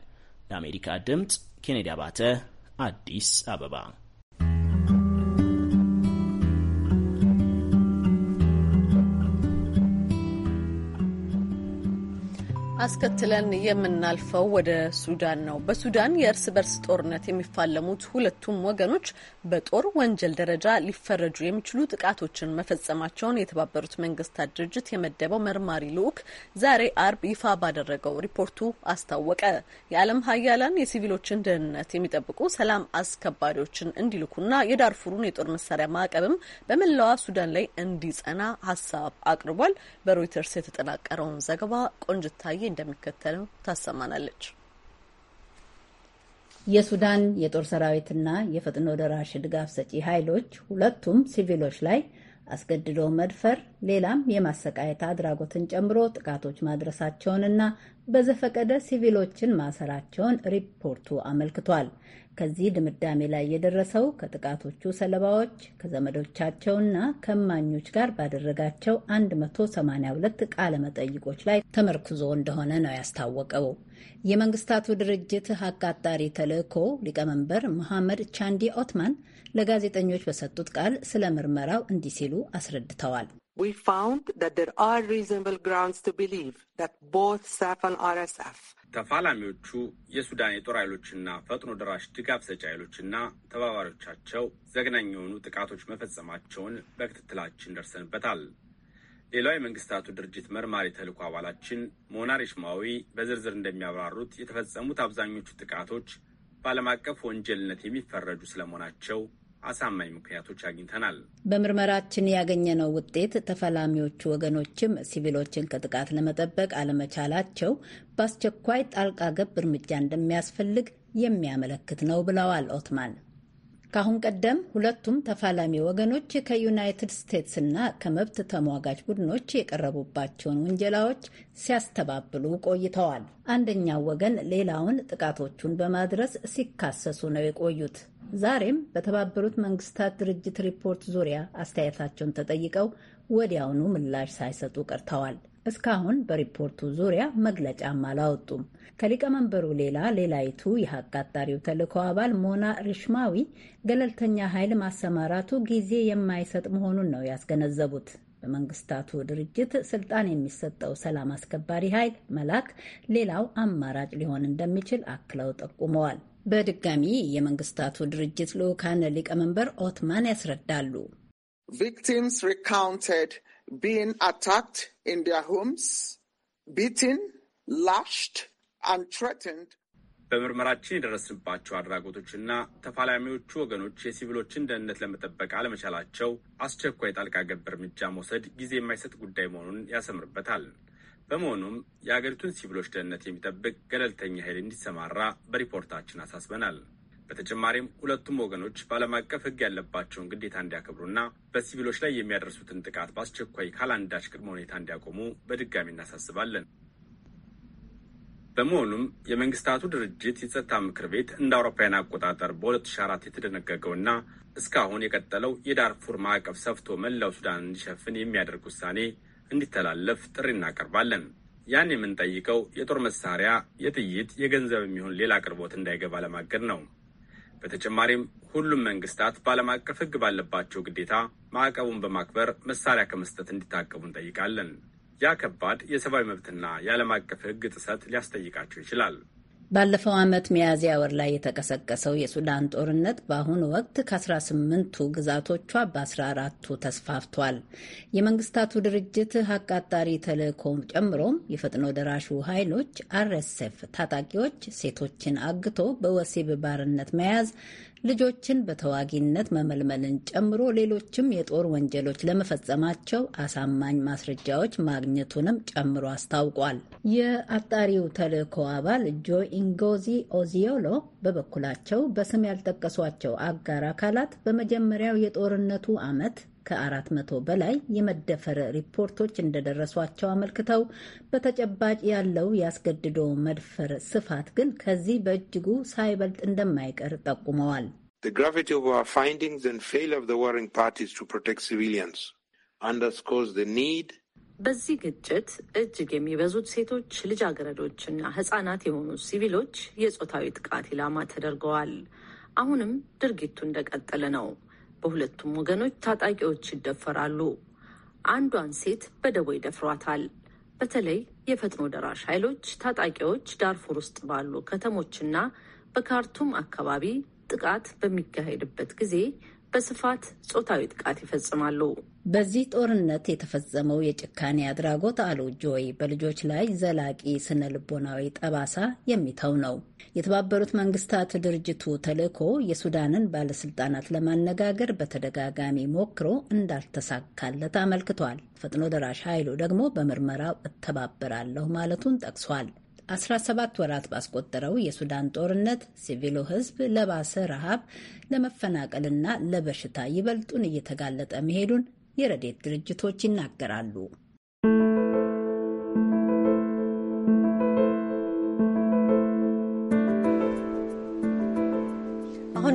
ለአሜሪካ ድምፅ ኬኔዲ አባተ አዲስ አበባ አስከትለን የምናልፈው ወደ ሱዳን ነው። በሱዳን የእርስ በርስ ጦርነት የሚፋለሙት ሁለቱም ወገኖች በጦር ወንጀል ደረጃ ሊፈረጁ የሚችሉ ጥቃቶችን መፈጸማቸውን የተባበሩት መንግስታት ድርጅት የመደበው መርማሪ ልዑክ ዛሬ አርብ ይፋ ባደረገው ሪፖርቱ አስታወቀ። የዓለም ሀያላን የሲቪሎችን ደህንነት የሚጠብቁ ሰላም አስከባሪዎችን እንዲልኩና የዳርፉሩን የጦር መሳሪያ ማዕቀብም በመላዋ ሱዳን ላይ እንዲጸና ሀሳብ አቅርቧል። በሮይተርስ የተጠናቀረውን ዘገባ ቆንጅታ ቆየ እንደሚከተለው ታሰማናለች። የሱዳን የጦር ሰራዊትና የፈጥኖ ደራሽ ድጋፍ ሰጪ ኃይሎች ሁለቱም ሲቪሎች ላይ አስገድዶ መድፈር፣ ሌላም የማሰቃየት አድራጎትን ጨምሮ ጥቃቶች ማድረሳቸውንና በዘፈቀደ ሲቪሎችን ማሰራቸውን ሪፖርቱ አመልክቷል። ከዚህ ድምዳሜ ላይ የደረሰው ከጥቃቶቹ ሰለባዎች ከዘመዶቻቸውና ከማኞች ጋር ባደረጋቸው 182 ቃለ መጠይቆች ላይ ተመርኩዞ እንደሆነ ነው ያስታወቀው። የመንግስታቱ ድርጅት አቃጣሪ ተልእኮ ሊቀመንበር መሐመድ ቻንዲ ኦትማን ለጋዜጠኞች በሰጡት ቃል ስለ ምርመራው እንዲህ ሲሉ አስረድተዋል። We found that there are reasonable grounds to believe that both SAF and RSF ተፋላሚዎቹ የሱዳን የጦር ኃይሎችና ፈጥኖ ደራሽ ድጋፍ ሰጪ ኃይሎችና ተባባሪዎቻቸው ዘግናኝ የሆኑ ጥቃቶች መፈጸማቸውን በክትትላችን ደርሰንበታል። ሌላው የመንግስታቱ ድርጅት መርማሪ ተልእኮ አባላችን ሞናሪሽ ማዊ በዝርዝር እንደሚያብራሩት የተፈጸሙት አብዛኞቹ ጥቃቶች በዓለም አቀፍ ወንጀልነት የሚፈረጁ ስለመሆናቸው አሳማኝ ምክንያቶች አግኝተናል። በምርመራችን ያገኘነው ውጤት ተፈላሚዎቹ ወገኖችም ሲቪሎችን ከጥቃት ለመጠበቅ አለመቻላቸው በአስቸኳይ ጣልቃ ገብ እርምጃ እንደሚያስፈልግ የሚያመለክት ነው ብለዋል ኦትማን። ከአሁን ቀደም ሁለቱም ተፋላሚ ወገኖች ከዩናይትድ ስቴትስ እና ከመብት ተሟጋች ቡድኖች የቀረቡባቸውን ውንጀላዎች ሲያስተባብሉ ቆይተዋል። አንደኛው ወገን ሌላውን ጥቃቶቹን በማድረስ ሲካሰሱ ነው የቆዩት። ዛሬም በተባበሩት መንግስታት ድርጅት ሪፖርት ዙሪያ አስተያየታቸውን ተጠይቀው ወዲያውኑ ምላሽ ሳይሰጡ ቀርተዋል። እስካሁን በሪፖርቱ ዙሪያ መግለጫም አላወጡም። ከሊቀመንበሩ ሌላ ሌላይቱ የሀቅ አጣሪው ተልእኮ አባል ሞና ሪሽማዊ ገለልተኛ ኃይል ማሰማራቱ ጊዜ የማይሰጥ መሆኑን ነው ያስገነዘቡት። በመንግስታቱ ድርጅት ስልጣን የሚሰጠው ሰላም አስከባሪ ኃይል መላክ ሌላው አማራጭ ሊሆን እንደሚችል አክለው ጠቁመዋል። በድጋሚ የመንግስታቱ ድርጅት ልዑካን ሊቀመንበር ኦትማን ያስረዳሉ። ቪክቲምስ ሪካውንትድ ቢን አታክድ ኢን ዲር ሆምስ ቢትን ላሽድ አንድ ትሬትንድ በምርመራችን የደረስንባቸው አድራጎቶችና ተፋላሚዎቹ ወገኖች የሲቪሎችን ደህንነት ለመጠበቅ አለመቻላቸው አስቸኳይ ጣልቃ ገብ እርምጃ መውሰድ ጊዜ የማይሰጥ ጉዳይ መሆኑን ያሰምርበታል። በመሆኑም የአገሪቱን ሲቪሎች ደህንነት የሚጠብቅ ገለልተኛ ኃይል እንዲሰማራ በሪፖርታችን አሳስበናል። በተጨማሪም ሁለቱም ወገኖች በዓለም አቀፍ ሕግ ያለባቸውን ግዴታ እንዲያከብሩና በሲቪሎች ላይ የሚያደርሱትን ጥቃት በአስቸኳይ ካላንዳች ቅድመ ሁኔታ እንዲያቆሙ በድጋሚ እናሳስባለን። በመሆኑም የመንግስታቱ ድርጅት የጸጥታ ምክር ቤት እንደ አውሮፓውያን አቆጣጠር በ2004 የተደነገገውና እስካሁን የቀጠለው የዳርፉር ማዕቀብ ሰፍቶ መላው ሱዳን እንዲሸፍን የሚያደርግ ውሳኔ እንዲተላለፍ ጥሪ እናቀርባለን። ያን የምንጠይቀው የጦር መሳሪያ፣ የጥይት፣ የገንዘብ የሚሆን ሌላ አቅርቦት እንዳይገባ ለማገድ ነው። በተጨማሪም ሁሉም መንግስታት በዓለም አቀፍ ሕግ ባለባቸው ግዴታ ማዕቀቡን በማክበር መሳሪያ ከመስጠት እንዲታቀቡ እንጠይቃለን። ያ ከባድ የሰብአዊ መብትና የዓለም አቀፍ ሕግ ጥሰት ሊያስጠይቃቸው ይችላል። ባለፈው ዓመት ሚያዝያ ወር ላይ የተቀሰቀሰው የሱዳን ጦርነት በአሁኑ ወቅት ከ18ቱ ግዛቶቿ በ14ቱ ተስፋፍቷል። የመንግስታቱ ድርጅት አቃጣሪ ተልእኮውን ጨምሮም የፈጥኖ ደራሹ ኃይሎች አርኤስኤፍ ታጣቂዎች ሴቶችን አግቶ በወሲብ ባርነት መያዝ ልጆችን በተዋጊነት መመልመልን ጨምሮ ሌሎችም የጦር ወንጀሎች ለመፈጸማቸው አሳማኝ ማስረጃዎች ማግኘቱንም ጨምሮ አስታውቋል። የአጣሪው ተልእኮ አባል ጆ ኢንጎዚ ኦዚዮሎ በበኩላቸው በስም ያልጠቀሷቸው አጋር አካላት በመጀመሪያው የጦርነቱ ዓመት ከአራት መቶ በላይ የመደፈር ሪፖርቶች እንደደረሷቸው አመልክተው በተጨባጭ ያለው ያስገድዶ መድፈር ስፋት ግን ከዚህ በእጅጉ ሳይበልጥ እንደማይቀር ጠቁመዋል። በዚህ ግጭት እጅግ የሚበዙት ሴቶች፣ ልጃገረዶችና ህጻናት የሆኑ ሲቪሎች የጾታዊ ጥቃት ኢላማ ተደርገዋል። አሁንም ድርጊቱ እንደቀጠለ ነው። በሁለቱም ወገኖች ታጣቂዎች ይደፈራሉ። አንዷን ሴት በደቦ ይደፍሯታል። በተለይ የፈጥኖ ደራሽ ኃይሎች ታጣቂዎች ዳርፉር ውስጥ ባሉ ከተሞችና በካርቱም አካባቢ ጥቃት በሚካሄድበት ጊዜ በስፋት ጾታዊ ጥቃት ይፈጽማሉ። በዚህ ጦርነት የተፈጸመው የጭካኔ አድራጎት አሉ ጆይ በልጆች ላይ ዘላቂ ስነ ልቦናዊ ጠባሳ የሚተው ነው። የተባበሩት መንግስታት ድርጅቱ ተልእኮ የሱዳንን ባለስልጣናት ለማነጋገር በተደጋጋሚ ሞክሮ እንዳልተሳካለት አመልክቷል። ፈጥኖ ደራሽ ኃይሉ ደግሞ በምርመራው እተባበራለሁ ማለቱን ጠቅሷል። 17 ወራት ባስቆጠረው የሱዳን ጦርነት ሲቪሉ ሕዝብ ለባሰ ረሃብ፣ ለመፈናቀልና ለበሽታ ይበልጡን እየተጋለጠ መሄዱን የረዴት ድርጅቶች ይናገራሉ።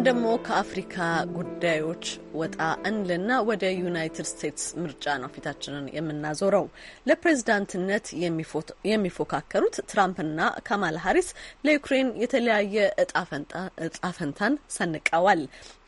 ደግሞ ከአፍሪካ ጉዳዮች ወጣ እንልና ወደ ዩናይትድ ስቴትስ ምርጫ ነው ፊታችንን የምናዞረው። ለፕሬዝዳንትነት የሚፎካከሩት ትራምፕና ካማላ ሀሪስ ለዩክሬን የተለያየ እጣ ፈንታን ሰንቀዋል።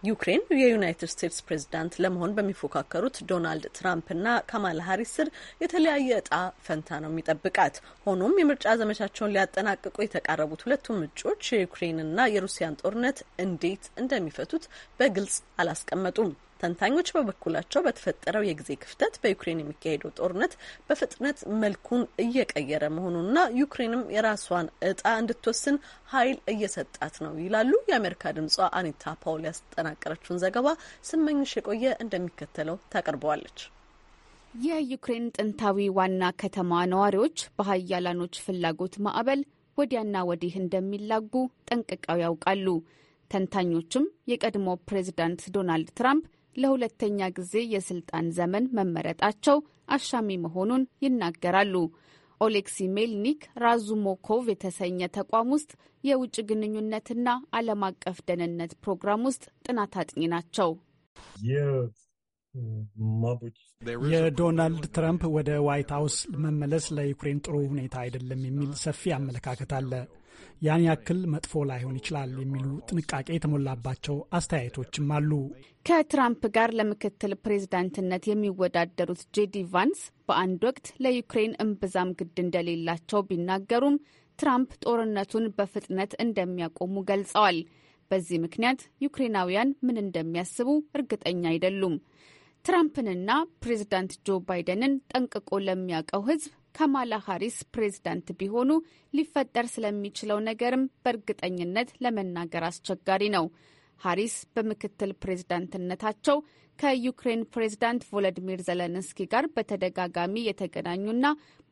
ዩክሬን የዩናይትድ ስቴትስ ፕሬዝዳንት ለመሆን በሚፎካከሩት ዶናልድ ትራምፕና ካማላ ሀሪስ ስር የተለያየ እጣ ፈንታ ነው የሚጠብቃት። ሆኖም የምርጫ ዘመቻቸውን ሊያጠናቅቁ የተቃረቡት ሁለቱም እጩዎች የዩክሬንና የሩሲያን ጦርነት እንዴት እንደሚፈቱት በግልጽ አላስቀመጡም። ተንታኞች በበኩላቸው በተፈጠረው የጊዜ ክፍተት በዩክሬን የሚካሄደው ጦርነት በፍጥነት መልኩን እየቀየረ መሆኑንና ዩክሬንም የራሷን እጣ እንድትወስን ኃይል እየሰጣት ነው ይላሉ። የአሜሪካ ድምጿ አኒታ ፓውል ያስጠናቀረችውን ዘገባ ስመኝሽ የቆየ እንደሚከተለው ታቀርበዋለች። የዩክሬን ጥንታዊ ዋና ከተማ ነዋሪዎች በሀያላኖች ፍላጎት ማዕበል ወዲያና ወዲህ እንደሚላጉ ጠንቅቀው ያውቃሉ። ተንታኞችም የቀድሞ ፕሬዝዳንት ዶናልድ ትራምፕ ለሁለተኛ ጊዜ የስልጣን ዘመን መመረጣቸው አሻሚ መሆኑን ይናገራሉ። ኦሌክሲ ሜልኒክ ራዙሞኮቭ የተሰኘ ተቋም ውስጥ የውጭ ግንኙነትና ዓለም አቀፍ ደህንነት ፕሮግራም ውስጥ ጥናት አጥኚ ናቸው። የዶናልድ ትራምፕ ወደ ዋይት ሀውስ መመለስ ለዩክሬን ጥሩ ሁኔታ አይደለም የሚል ሰፊ አመለካከት አለ። ያን ያክል መጥፎ ላይሆን ይችላል የሚሉ ጥንቃቄ የተሞላባቸው አስተያየቶችም አሉ። ከትራምፕ ጋር ለምክትል ፕሬዝዳንትነት የሚወዳደሩት ጄዲ ቫንስ በአንድ ወቅት ለዩክሬን እምብዛም ግድ እንደሌላቸው ቢናገሩም ትራምፕ ጦርነቱን በፍጥነት እንደሚያቆሙ ገልጸዋል። በዚህ ምክንያት ዩክሬናውያን ምን እንደሚያስቡ እርግጠኛ አይደሉም። ትራምፕንና ፕሬዝዳንት ጆ ባይደንን ጠንቅቆ ለሚያውቀው ሕዝብ ካማላ ሀሪስ ፕሬዝዳንት ቢሆኑ ሊፈጠር ስለሚችለው ነገርም በእርግጠኝነት ለመናገር አስቸጋሪ ነው። ሀሪስ በምክትል ፕሬዝዳንትነታቸው ከዩክሬን ፕሬዝዳንት ቮለዲሚር ዘለንስኪ ጋር በተደጋጋሚ የተገናኙና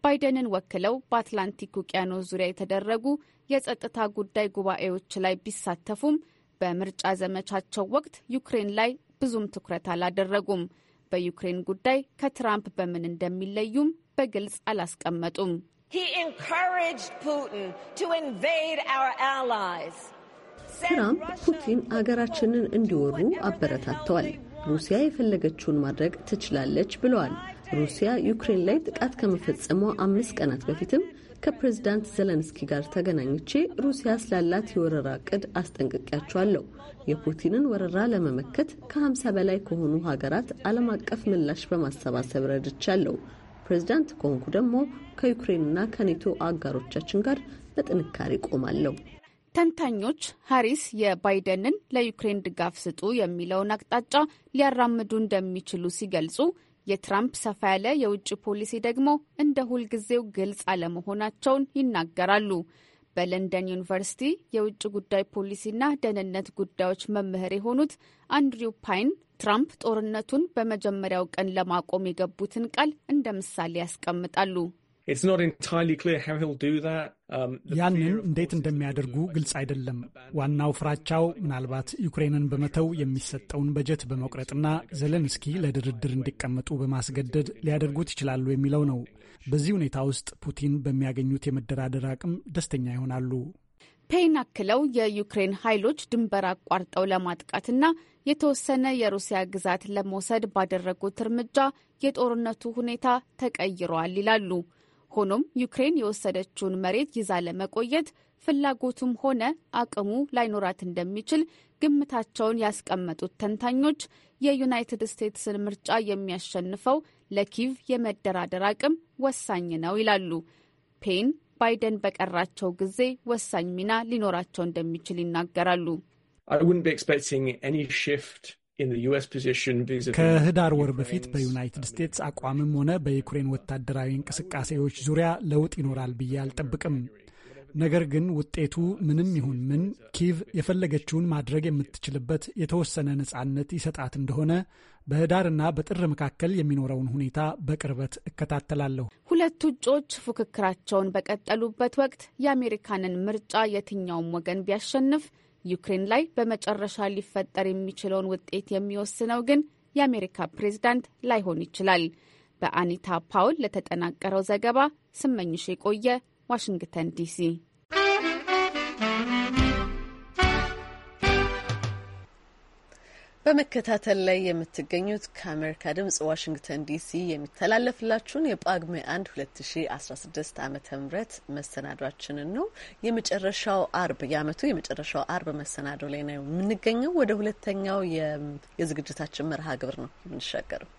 ባይደንን ወክለው በአትላንቲክ ውቅያኖስ ዙሪያ የተደረጉ የጸጥታ ጉዳይ ጉባኤዎች ላይ ቢሳተፉም በምርጫ ዘመቻቸው ወቅት ዩክሬን ላይ ብዙም ትኩረት አላደረጉም። በዩክሬን ጉዳይ ከትራምፕ በምን እንደሚለዩም በግልጽ አላስቀመጡም። ትራምፕ ፑቲን አገራችንን እንዲወሩ አበረታተዋል። ሩሲያ የፈለገችውን ማድረግ ትችላለች ብለዋል። ሩሲያ ዩክሬን ላይ ጥቃት ከመፈጸሟ አምስት ቀናት በፊትም ከፕሬዝዳንት ዘለንስኪ ጋር ተገናኝቼ ሩሲያ ስላላት የወረራ እቅድ አስጠንቅቂያቸዋለሁ። የፑቲንን ወረራ ለመመከት ከ50 በላይ ከሆኑ ሀገራት ዓለም አቀፍ ምላሽ በማሰባሰብ ረድቻለሁ። ፕሬዚዳንት ከሆንኩ ደግሞ ከዩክሬንና ከኔቶ አጋሮቻችን ጋር በጥንካሬ ቆማለሁ። ተንታኞች ሀሪስ የባይደንን ለዩክሬን ድጋፍ ስጡ የሚለውን አቅጣጫ ሊያራምዱ እንደሚችሉ ሲገልጹ የትራምፕ ሰፋ ያለ የውጭ ፖሊሲ ደግሞ እንደ ሁልጊዜው ግልጽ አለመሆናቸውን ይናገራሉ። በለንደን ዩኒቨርሲቲ የውጭ ጉዳይ ፖሊሲና ደህንነት ጉዳዮች መምህር የሆኑት አንድሪው ፓይን ትራምፕ ጦርነቱን በመጀመሪያው ቀን ለማቆም የገቡትን ቃል እንደ ምሳሌ ያስቀምጣሉ። Um, ያንን እንዴት እንደሚያደርጉ ግልጽ አይደለም። ዋናው ፍራቻው ምናልባት ዩክሬንን በመተው የሚሰጠውን በጀት በመቁረጥና ዘለንስኪ ለድርድር እንዲቀመጡ በማስገደድ ሊያደርጉት ይችላሉ የሚለው ነው። በዚህ ሁኔታ ውስጥ ፑቲን በሚያገኙት የመደራደር አቅም ደስተኛ ይሆናሉ። ፔይን አክለው የዩክሬን ኃይሎች ድንበር አቋርጠው ለማጥቃትና የተወሰነ የሩሲያ ግዛት ለመውሰድ ባደረጉት እርምጃ የጦርነቱ ሁኔታ ተቀይሯል ይላሉ። ሆኖም ዩክሬን የወሰደችውን መሬት ይዛ ለመቆየት ፍላጎቱም ሆነ አቅሙ ላይኖራት እንደሚችል ግምታቸውን ያስቀመጡት ተንታኞች የዩናይትድ ስቴትስን ምርጫ የሚያሸንፈው ለኪቭ የመደራደር አቅም ወሳኝ ነው ይላሉ። ፔን ባይደን በቀራቸው ጊዜ ወሳኝ ሚና ሊኖራቸው እንደሚችል ይናገራሉ። I wouldn't be expecting any shift ከህዳር ወር በፊት በዩናይትድ ስቴትስ አቋምም ሆነ በዩክሬን ወታደራዊ እንቅስቃሴዎች ዙሪያ ለውጥ ይኖራል ብዬ አልጠብቅም። ነገር ግን ውጤቱ ምንም ይሁን ምን ኪቭ የፈለገችውን ማድረግ የምትችልበት የተወሰነ ነጻነት ይሰጣት እንደሆነ በህዳርና በጥር መካከል የሚኖረውን ሁኔታ በቅርበት እከታተላለሁ። ሁለቱ እጩዎች ፉክክራቸውን በቀጠሉበት ወቅት የአሜሪካንን ምርጫ የትኛውም ወገን ቢያሸንፍ ዩክሬን ላይ በመጨረሻ ሊፈጠር የሚችለውን ውጤት የሚወስነው ግን የአሜሪካ ፕሬዝዳንት ላይሆን ይችላል። በአኒታ ፓውል ለተጠናቀረው ዘገባ ስመኝሽ የቆየ ዋሽንግተን ዲሲ በመከታተል ላይ የምትገኙት ከአሜሪካ ድምጽ ዋሽንግተን ዲሲ የሚተላለፍላችሁን የጳጉሜ አንድ ሁለት ሺ አስራ ስድስት አመተ ምህረት መሰናዷችንን ነው። የመጨረሻው አርብ የአመቱ የመጨረሻው አርብ መሰናዶ ላይ ነው የምንገኘው። ወደ ሁለተኛው የዝግጅታችን መርሃ ግብር ነው የምንሻገረው።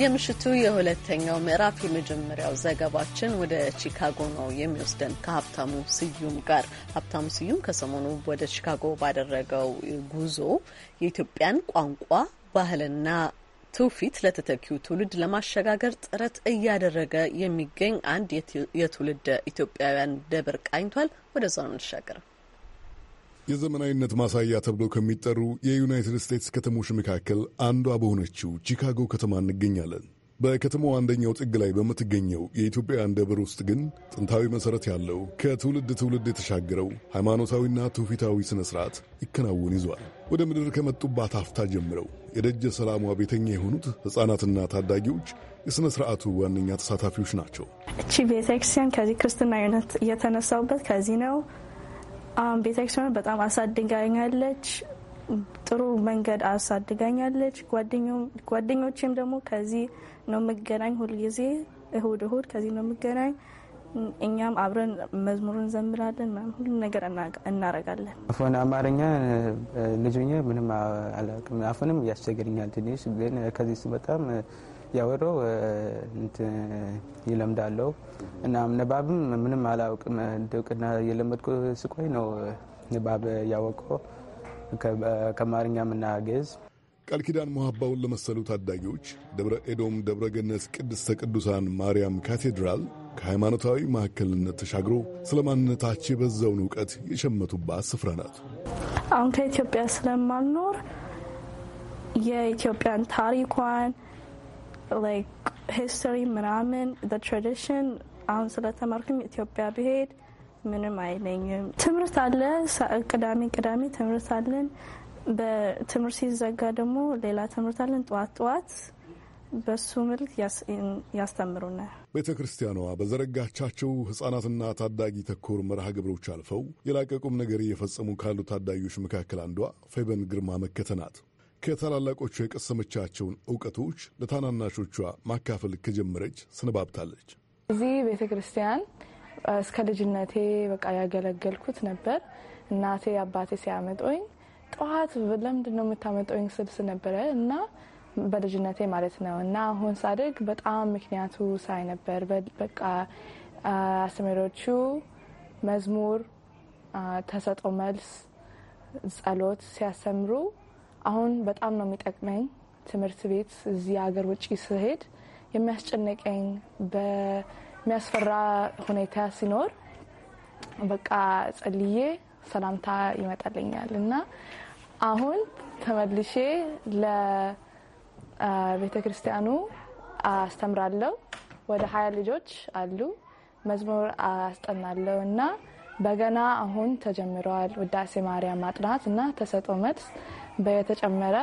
የምሽቱ የሁለተኛው ምዕራፍ የመጀመሪያው ዘገባችን ወደ ቺካጎ ነው የሚወስደን ከሀብታሙ ስዩም ጋር። ሀብታሙ ስዩም ከሰሞኑ ወደ ቺካጎ ባደረገው ጉዞ የኢትዮጵያን ቋንቋ ባህልና ትውፊት ለተተኪው ትውልድ ለማሸጋገር ጥረት እያደረገ የሚገኝ አንድ የትውልድ ኢትዮጵያውያን ደብር ቃኝቷል። ወደዛው ነው እንሻገርም። የዘመናዊነት ማሳያ ተብለው ከሚጠሩ የዩናይትድ ስቴትስ ከተሞች መካከል አንዷ በሆነችው ቺካጎ ከተማ እንገኛለን። በከተማው አንደኛው ጥግ ላይ በምትገኘው የኢትዮጵያውያን ደብር ውስጥ ግን ጥንታዊ መሠረት ያለው ከትውልድ ትውልድ የተሻገረው ሃይማኖታዊና ትውፊታዊ ሥነ ሥርዓት ይከናወን ይዟል። ወደ ምድር ከመጡባት አፍታ ጀምረው የደጀ ሰላሟ ቤተኛ የሆኑት ሕፃናትና ታዳጊዎች የሥነ ሥርዓቱ ዋነኛ ተሳታፊዎች ናቸው። እቺ ቤተክርስቲያን ከዚህ ክርስትና እየተነሳውበት ከዚህ ነው ቤተክርስቲያን በጣም አሳድጋኛለች። ጥሩ መንገድ አሳድጋኛለች። ጓደኞቼም ደግሞ ከዚህ ነው የምገናኝ። ሁልጊዜ እሁድ እሁድ ከዚህ ነው የምገናኝ። እኛም አብረን መዝሙሩን እንዘምራለን፣ ሁሉ ነገር እናረጋለን። አፎን አማርኛ ልጁኛ ምንም አላውቅም። አፎንም ያስቸግረኛል ትንሽ ግን ከዚህ ስመጣም ያወሮ ይለምዳለው እና ንባብም ምንም አላውቅም። ድብቅና የለመድኩ ስቆይ ነው ንባብ ያወቆ ከአማርኛ ምናገዝ ቃል ኪዳን መሐባውን ለመሰሉ ታዳጊዎች ደብረ ኤዶም ደብረ ገነት ቅድስተ ቅዱሳን ማርያም ካቴድራል ከሃይማኖታዊ ማዕከልነት ተሻግሮ ስለ ማንነታቸው የበዛውን እውቀት የሸመቱባት ስፍራ ናት። አሁን ከኢትዮጵያ ስለማልኖር የኢትዮጵያን ታሪኳን ሂስትሪ ምናምን ትራዲሽን አሁን ስለተማርኩኝ ኢትዮጵያ ብሄድ ምንም አይለኝም። ትምህርት አለ፣ ቅዳሜ ቅዳሜ ትምህርት አለን። በትምህርት ሲዘጋ ደግሞ ሌላ ትምህርት አለን ጠዋት ጠዋት በሱ ምልክ ያስተምሩናል። ቤተ ክርስቲያኗ በዘረጋቻቸው ሕፃናትና ታዳጊ ተኮር መርሃ ግብሮች አልፈው የላቀ ቁም ነገር እየፈጸሙ ካሉ ታዳጊዎች መካከል አንዷ ፌበን ግርማ መከተ ናት። ከታላላቆቹ የቀሰመቻቸውን እውቀቶች ለታናናሾቿ ማካፈል ከጀመረች ስንባብታለች። እዚህ ቤተ ክርስቲያን እስከ ልጅነቴ በቃ ያገለገልኩት ነበር። እናቴ አባቴ ሲያመጦኝ ጠዋት ለምንድን ነው የምታመጠኝ ስልስ ነበረ እና በልጅነቴ ማለት ነው እና አሁን ሳድግ በጣም ምክንያቱ ሳይ ነበር። በቃ አስተማሪዎቹ መዝሙር፣ ተሰጦ መልስ፣ ጸሎት ሲያሰምሩ አሁን በጣም ነው የሚጠቅመኝ ትምህርት ቤት እዚህ ሀገር ውጭ ስሄድ የሚያስጨነቀኝ በሚያስፈራ ሁኔታ ሲኖር በቃ ጸልዬ ሰላምታ ይመጣልኛል እና አሁን ተመልሼ ለቤተ ክርስቲያኑ አስተምራለሁ። ወደ ሀያ ልጆች አሉ። መዝሙር አስጠናለሁ እና በገና አሁን ተጀምረዋል። ውዳሴ ማርያም ማጥናት እና ተሰጦ መልስ በተጨመረ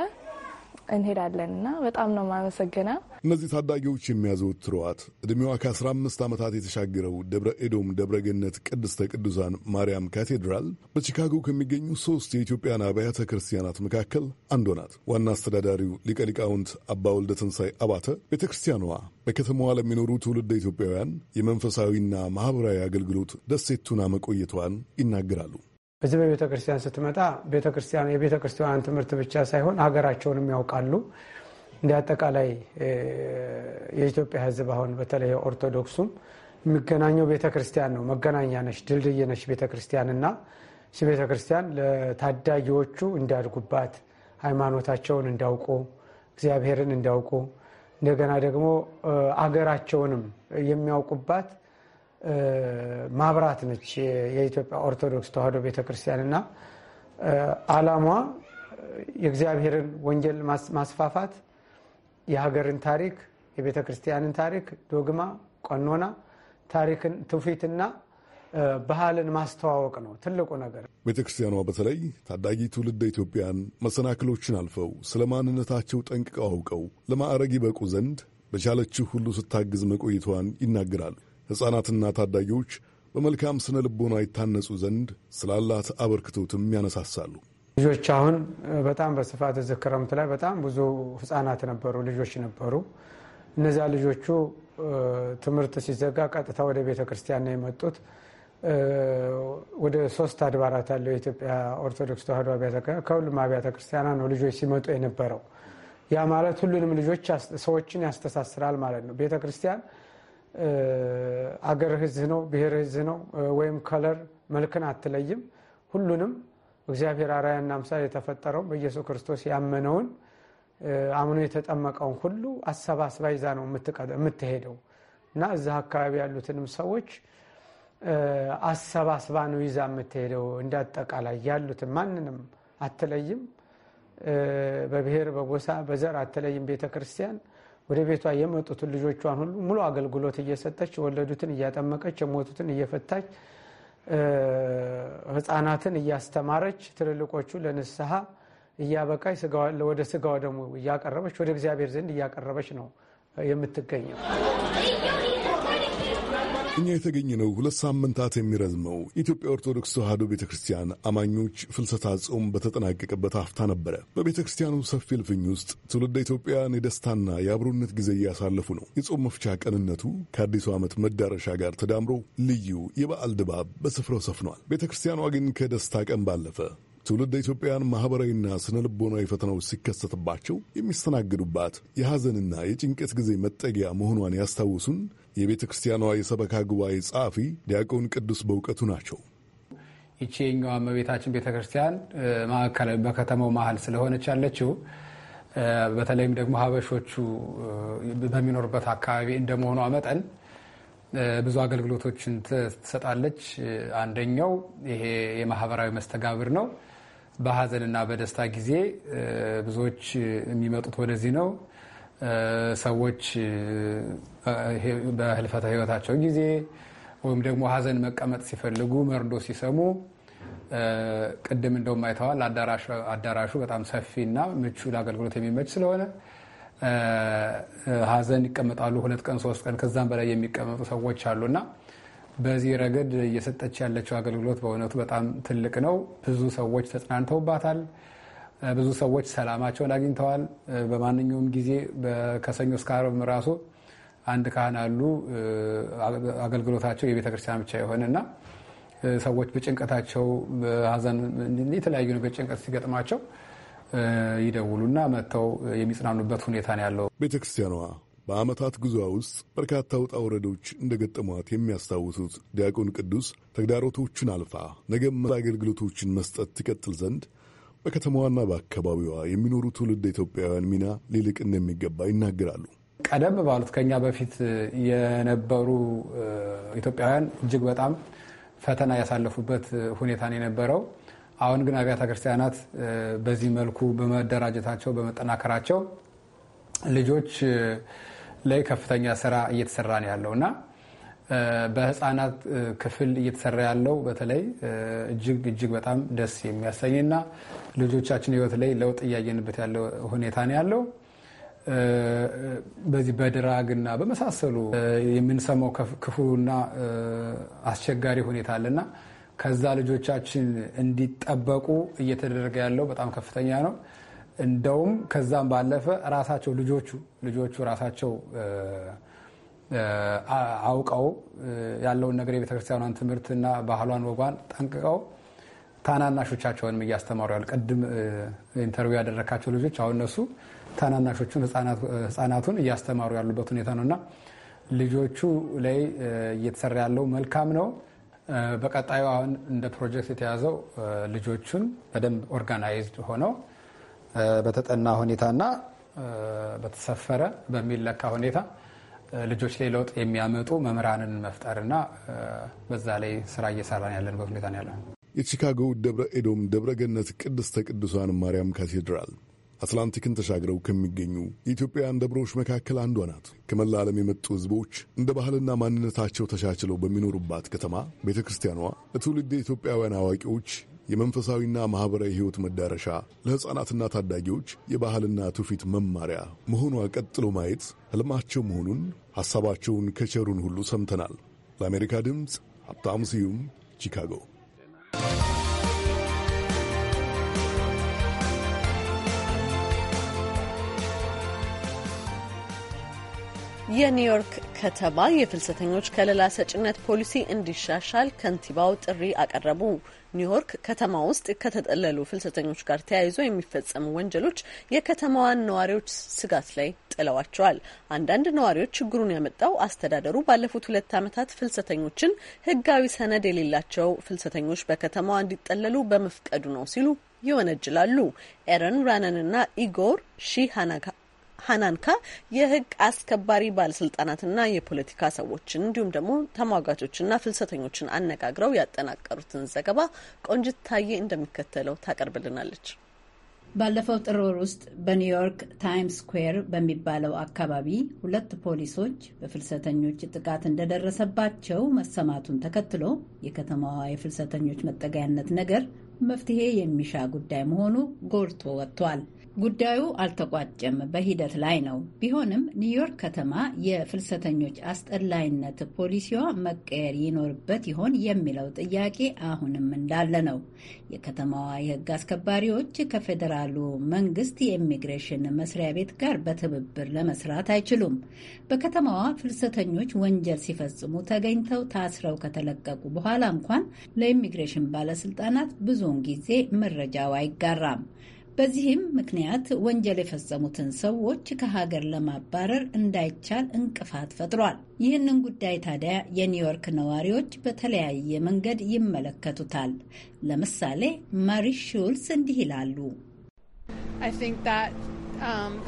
እንሄዳለን እና በጣም ነው ማመሰግነው። እነዚህ ታዳጊዎች የሚያዘወትሯት ትሯዋት ዕድሜዋ ከ15 ዓመታት የተሻገረው ደብረ ኤዶም ደብረ ገነት ቅድስተ ቅዱሳን ማርያም ካቴድራል በቺካጎ ከሚገኙ ሶስት የኢትዮጵያን አብያተ ክርስቲያናት መካከል አንዷ ናት። ዋና አስተዳዳሪው ሊቀ ሊቃውንት አባ ወልደ ትንሣኤ አባተ ቤተ ክርስቲያኗ በከተማዋ ለሚኖሩ ትውልደ ኢትዮጵያውያን የመንፈሳዊና ማኅበራዊ አገልግሎት ደሴቱና መቆየቷን ይናገራሉ። በዚህ በቤተ ክርስቲያን ስትመጣ ቤተክርስቲያን የቤተ ክርስቲያን ትምህርት ብቻ ሳይሆን ሀገራቸውንም ያውቃሉ። እንደ አጠቃላይ የኢትዮጵያ ሕዝብ አሁን በተለይ ኦርቶዶክሱም የሚገናኘው ቤተ ክርስቲያን ነው። መገናኛ ነች፣ ድልድይ ነች ቤተ ክርስቲያን እና እሺ ቤተ ክርስቲያን ለታዳጊዎቹ እንዲያድጉባት ሃይማኖታቸውን እንዲያውቁ እግዚአብሔርን እንዲያውቁ እንደገና ደግሞ አገራቸውንም የሚያውቁባት ማብራት ነች የኢትዮጵያ ኦርቶዶክስ ተዋሕዶ ቤተክርስቲያን እና ዓላሟ የእግዚአብሔርን ወንጌል ማስፋፋት፣ የሀገርን ታሪክ፣ የቤተክርስቲያንን ታሪክ፣ ዶግማ፣ ቀኖና፣ ታሪክን፣ ትውፊትና ባህልን ማስተዋወቅ ነው ትልቁ ነገር። ቤተ ክርስቲያኗ በተለይ ታዳጊ ትውልደ ኢትዮጵያን መሰናክሎችን አልፈው ስለ ማንነታቸው ጠንቅቀው አውቀው ለማዕረግ ይበቁ ዘንድ በቻለችው ሁሉ ስታግዝ መቆይቷን ይናገራሉ። ሕፃናትና ታዳጊዎች በመልካም ስነ ልቦና ይታነጹ ዘንድ ስላላት አበርክቶትም ያነሳሳሉ። ልጆች አሁን በጣም በስፋት እዚህ ክረምት ላይ በጣም ብዙ ህፃናት ነበሩ፣ ልጆች ነበሩ። እነዚያ ልጆቹ ትምህርት ሲዘጋ ቀጥታ ወደ ቤተ ክርስቲያን ነው የመጡት። ወደ ሶስት አድባራት ያለው የኢትዮጵያ ኦርቶዶክስ ተዋሕዶ አብያተ ከሁሉም አብያተ ክርስቲያና ነው ልጆች ሲመጡ የነበረው። ያ ማለት ሁሉንም ልጆች ሰዎችን ያስተሳስራል ማለት ነው ቤተ ክርስቲያን አገር ህዝህ ነው፣ ብሔር ህዝህ ነው ወይም ከለር መልክን አትለይም። ሁሉንም እግዚአብሔር አራያና አምሳል የተፈጠረው በኢየሱስ ክርስቶስ ያመነውን አምኖ የተጠመቀውን ሁሉ አሰባስባ ይዛ ነው የምትሄደው እና እዛ አካባቢ ያሉትንም ሰዎች አሰባስባ ነው ይዛ የምትሄደው። እንዳጠቃላይ ያሉትን ማንንም አትለይም። በብሔር በጎሳ በዘር አትለይም። ቤተክርስቲያን ወደ ቤቷ የመጡትን ልጆቿን ሁሉ ሙሉ አገልግሎት እየሰጠች የወለዱትን እያጠመቀች የሞቱትን እየፈታች ህጻናትን እያስተማረች ትልልቆቹ ለንስሐ እያበቃች ወደ ስጋው ደግሞ እያቀረበች ወደ እግዚአብሔር ዘንድ እያቀረበች ነው የምትገኘው። እኛ የተገኘነው ሁለት ሳምንታት የሚረዝመው የኢትዮጵያ ኦርቶዶክስ ተዋሕዶ ቤተ ክርስቲያን አማኞች ፍልሰታ ጾም በተጠናቀቀበት አፍታ ነበረ። በቤተ ክርስቲያኑ ሰፊ እልፍኝ ውስጥ ትውልደ ኢትዮጵያን የደስታና የአብሮነት ጊዜ እያሳለፉ ነው። የጾም መፍቻ ቀንነቱ ከአዲሱ ዓመት መዳረሻ ጋር ተዳምሮ ልዩ የበዓል ድባብ በስፍራው ሰፍኗል። ቤተ ክርስቲያኗ ግን ከደስታ ቀን ባለፈ ትውልድ ኢትዮጵያን ማኅበራዊና ስነ ልቦናዊ ፈተናዎች ሲከሰትባቸው የሚስተናግዱባት የሐዘንና የጭንቀት ጊዜ መጠጊያ መሆኗን ያስታውሱን የቤተ ክርስቲያኗ የሰበካ ጉባኤ ጸሐፊ ዲያቆን ቅዱስ በእውቀቱ ናቸው። ይቺ የኛዋ እመቤታችን ቤተ ክርስቲያን ማዕከላዊ በከተማው መሀል ስለሆነች ያለችው በተለይም ደግሞ ሀበሾቹ በሚኖርበት አካባቢ እንደመሆኗ መጠን ብዙ አገልግሎቶችን ትሰጣለች። አንደኛው ይሄ የማህበራዊ መስተጋብር ነው። በሀዘንና በደስታ ጊዜ ብዙዎች የሚመጡት ወደዚህ ነው። ሰዎች በህልፈተ ህይወታቸው ጊዜ ወይም ደግሞ ሀዘን መቀመጥ ሲፈልጉ መርዶ ሲሰሙ ቅድም እንደውም አይተዋል። አዳራሹ በጣም ሰፊ እና ምቹ ለአገልግሎት የሚመች ስለሆነ ሀዘን ይቀመጣሉ። ሁለት ቀን ሶስት ቀን ከዛም በላይ የሚቀመጡ ሰዎች አሉ እና በዚህ ረገድ እየሰጠች ያለችው አገልግሎት በእውነቱ በጣም ትልቅ ነው። ብዙ ሰዎች ተጽናንተውባታል። ብዙ ሰዎች ሰላማቸውን አግኝተዋል። በማንኛውም ጊዜ ከሰኞ እስከ ዓርብ ራሱ አንድ ካህን አሉ። አገልግሎታቸው የቤተ ክርስቲያን ብቻ የሆነ እና ሰዎች በጭንቀታቸው በሀዘን የተለያዩ ነገር ጭንቀት ሲገጥማቸው ይደውሉና መጥተው የሚጽናኑበት ሁኔታ ነው ያለው። ቤተ ክርስቲያኗ በዓመታት ጉዞ ውስጥ በርካታ ውጣ ውረዶች እንደገጠሟት የሚያስታውሱት ዲያቆን ቅዱስ ተግዳሮቶቹን አልፋ ነገም አገልግሎቶችን መስጠት ትቀጥል ዘንድ በከተማዋና በአካባቢዋ የሚኖሩ ትውልድ ኢትዮጵያውያን ሚና ሊልቅ እንደሚገባ ይናገራሉ። ቀደም ባሉት ከኛ በፊት የነበሩ ኢትዮጵያውያን እጅግ በጣም ፈተና ያሳለፉበት ሁኔታ ነው የነበረው። አሁን ግን አብያተ ክርስቲያናት በዚህ መልኩ በመደራጀታቸው በመጠናከራቸው ልጆች ላይ ከፍተኛ ስራ እየተሰራ ነው ያለው እና በህፃናት ክፍል እየተሰራ ያለው በተለይ እጅግ እጅግ በጣም ደስ የሚያሰኝና ልጆቻችን ህይወት ላይ ለውጥ እያየንበት ያለው ሁኔታ ነው ያለው። በዚህ በድራግና በመሳሰሉ የምንሰማው ክፉና አስቸጋሪ ሁኔታ አለና ከዛ ልጆቻችን እንዲጠበቁ እየተደረገ ያለው በጣም ከፍተኛ ነው። እንደውም ከዛም ባለፈ ራሳቸው ልጆቹ ልጆቹ ራሳቸው አውቀው ያለውን ነገር የቤተክርስቲያኗን ትምህርትና ባህሏን ወጓን ጠንቅቀው ታናናሾቻቸውንም እያስተማሩ ያሉ ቅድም ኢንተርቪው ያደረካቸው ልጆች አሁን እነሱ ታናናሾቹን ህጻናቱን እያስተማሩ ያሉበት ሁኔታ ነው እና ልጆቹ ላይ እየተሰራ ያለው መልካም ነው። በቀጣዩ አሁን እንደ ፕሮጀክት የተያዘው ልጆቹን በደንብ ኦርጋናይዝድ ሆነው በተጠና ሁኔታና በተሰፈረ በሚለካ ሁኔታ ልጆች ላይ ለውጥ የሚያመጡ መምህራንን መፍጠርና በዛ ላይ ስራ እየሰራን ያለንበት ሁኔታ ነው ያለን። የቺካጎ ደብረ ኤዶም ደብረ ገነት ቅድስተ ቅዱሳን ማርያም ካቴድራል አትላንቲክን ተሻግረው ከሚገኙ የኢትዮጵያውያን ደብሮች መካከል አንዷ ናት። ከመላ ዓለም የመጡ ሕዝቦች እንደ ባህልና ማንነታቸው ተሻችለው በሚኖሩባት ከተማ ቤተ ክርስቲያኗ ለትውልድ ኢትዮጵያውያን አዋቂዎች የመንፈሳዊና ማኅበራዊ ሕይወት መዳረሻ፣ ለሕፃናትና ታዳጊዎች የባህልና ትውፊት መማሪያ መሆኗ ቀጥሎ ማየት ሕልማቸው መሆኑን ሐሳባቸውን ከቸሩን ሁሉ ሰምተናል። ለአሜሪካ ድምፅ ሀብታሙ ስዩም ቺካጎ። የኒውዮርክ ከተማ የፍልሰተኞች ከለላ ሰጭነት ፖሊሲ እንዲሻሻል ከንቲባው ጥሪ አቀረቡ። ኒውዮርክ ከተማ ውስጥ ከተጠለሉ ፍልሰተኞች ጋር ተያይዞ የሚፈጸሙ ወንጀሎች የከተማዋን ነዋሪዎች ስጋት ላይ ጥለዋቸዋል። አንዳንድ ነዋሪዎች ችግሩን ያመጣው አስተዳደሩ ባለፉት ሁለት ዓመታት ፍልሰተኞችን ሕጋዊ ሰነድ የሌላቸው ፍልሰተኞች በከተማዋ እንዲጠለሉ በመፍቀዱ ነው ሲሉ ይወነጅላሉ። ኤረን እና ኢጎር ሺ ሀናንካ የህግ አስከባሪ ባለስልጣናትና የፖለቲካ ሰዎችን እንዲሁም ደግሞ ተሟጋቾችና ፍልሰተኞችን አነጋግረው ያጠናቀሩትን ዘገባ ቆንጅታየ እንደሚከተለው ታቀርብልናለች። ባለፈው ጥር ወር ውስጥ በኒውዮርክ ታይምስ ስኩዌር በሚባለው አካባቢ ሁለት ፖሊሶች በፍልሰተኞች ጥቃት እንደደረሰባቸው መሰማቱን ተከትሎ የከተማዋ የፍልሰተኞች መጠገያነት ነገር መፍትሄ የሚሻ ጉዳይ መሆኑ ጎልቶ ወጥቷል። ጉዳዩ አልተቋጨም፣ በሂደት ላይ ነው። ቢሆንም ኒውዮርክ ከተማ የፍልሰተኞች አስጠላይነት ፖሊሲዋ መቀየር ይኖርበት ይሆን የሚለው ጥያቄ አሁንም እንዳለ ነው። የከተማዋ የሕግ አስከባሪዎች ከፌዴራሉ መንግስት የኢሚግሬሽን መስሪያ ቤት ጋር በትብብር ለመስራት አይችሉም። በከተማዋ ፍልሰተኞች ወንጀል ሲፈጽሙ ተገኝተው ታስረው ከተለቀቁ በኋላ እንኳን ለኢሚግሬሽን ባለስልጣናት ብዙውን ጊዜ መረጃው አይጋራም። በዚህም ምክንያት ወንጀል የፈጸሙትን ሰዎች ከሀገር ለማባረር እንዳይቻል እንቅፋት ፈጥሯል። ይህንን ጉዳይ ታዲያ የኒውዮርክ ነዋሪዎች በተለያየ መንገድ ይመለከቱታል። ለምሳሌ ማሪ ሹልስ እንዲህ ይላሉ። um,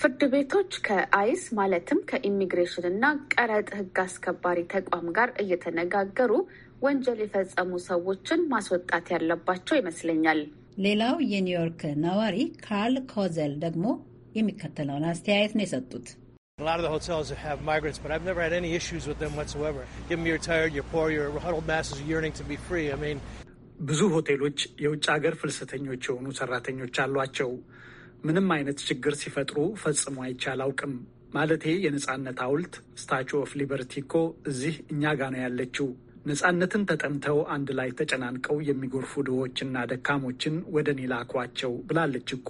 ፍርድ ቤቶች ከአይስ ማለትም ከኢሚግሬሽን እና ቀረጥ ሕግ አስከባሪ ተቋም ጋር እየተነጋገሩ ወንጀል የፈጸሙ ሰዎችን ማስወጣት ያለባቸው ይመስለኛል። ሌላው የኒውዮርክ ነዋሪ ካርል ኮዘል ደግሞ የሚከተለውን አስተያየት ነው የሰጡት። ብዙ ሆቴሎች የውጭ ሀገር ፍልሰተኞች የሆኑ ሰራተኞች አሏቸው። ምንም አይነት ችግር ሲፈጥሩ ፈጽሞ አይቼ አላውቅም። ማለቴ የነጻነት ሐውልት ስታቹ ኦፍ ሊበርቲ እኮ እዚህ እኛ ጋ ነው ያለችው። ነጻነትን ተጠምተው አንድ ላይ ተጨናንቀው የሚጎርፉ ድሆችና ደካሞችን ወደ እኔ ላኳቸው ብላለች እኮ።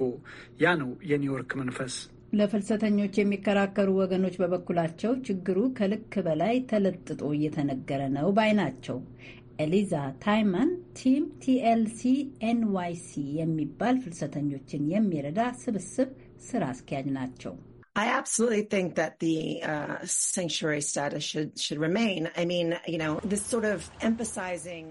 ያ ነው የኒውዮርክ መንፈስ። ለፍልሰተኞች የሚከራከሩ ወገኖች በበኩላቸው ችግሩ ከልክ በላይ ተለጥጦ እየተነገረ ነው ባይ ናቸው። ኤሊዛ ታይማን ቲም ቲኤልሲ ኤንዋይሲ የሚባል ፍልሰተኞችን የሚረዳ ስብስብ ስራ አስኪያጅ ናቸው። I absolutely think that the uh, sanctuary status should should remain. I mean, you know, this sort of emphasizing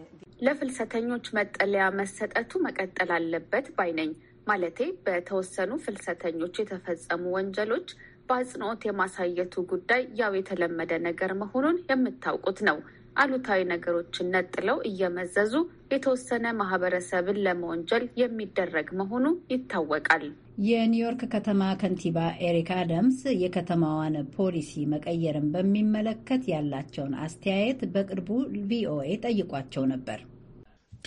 ለፍልሰተኞች መጠለያ መሰጠቱ መቀጠል አለበት ባይ ነኝ። ማለቴ በተወሰኑ ፍልሰተኞች የተፈጸሙ ወንጀሎች በአጽንኦት የማሳየቱ ጉዳይ ያው የተለመደ ነገር መሆኑን የምታውቁት ነው። አሉታዊ ነገሮችን ነጥለው እየመዘዙ የተወሰነ ማህበረሰብን ለመወንጀል የሚደረግ መሆኑ ይታወቃል። የኒውዮርክ ከተማ ከንቲባ ኤሪክ አደምስ የከተማዋን ፖሊሲ መቀየርን በሚመለከት ያላቸውን አስተያየት በቅርቡ ቪኦኤ ጠይቋቸው ነበር።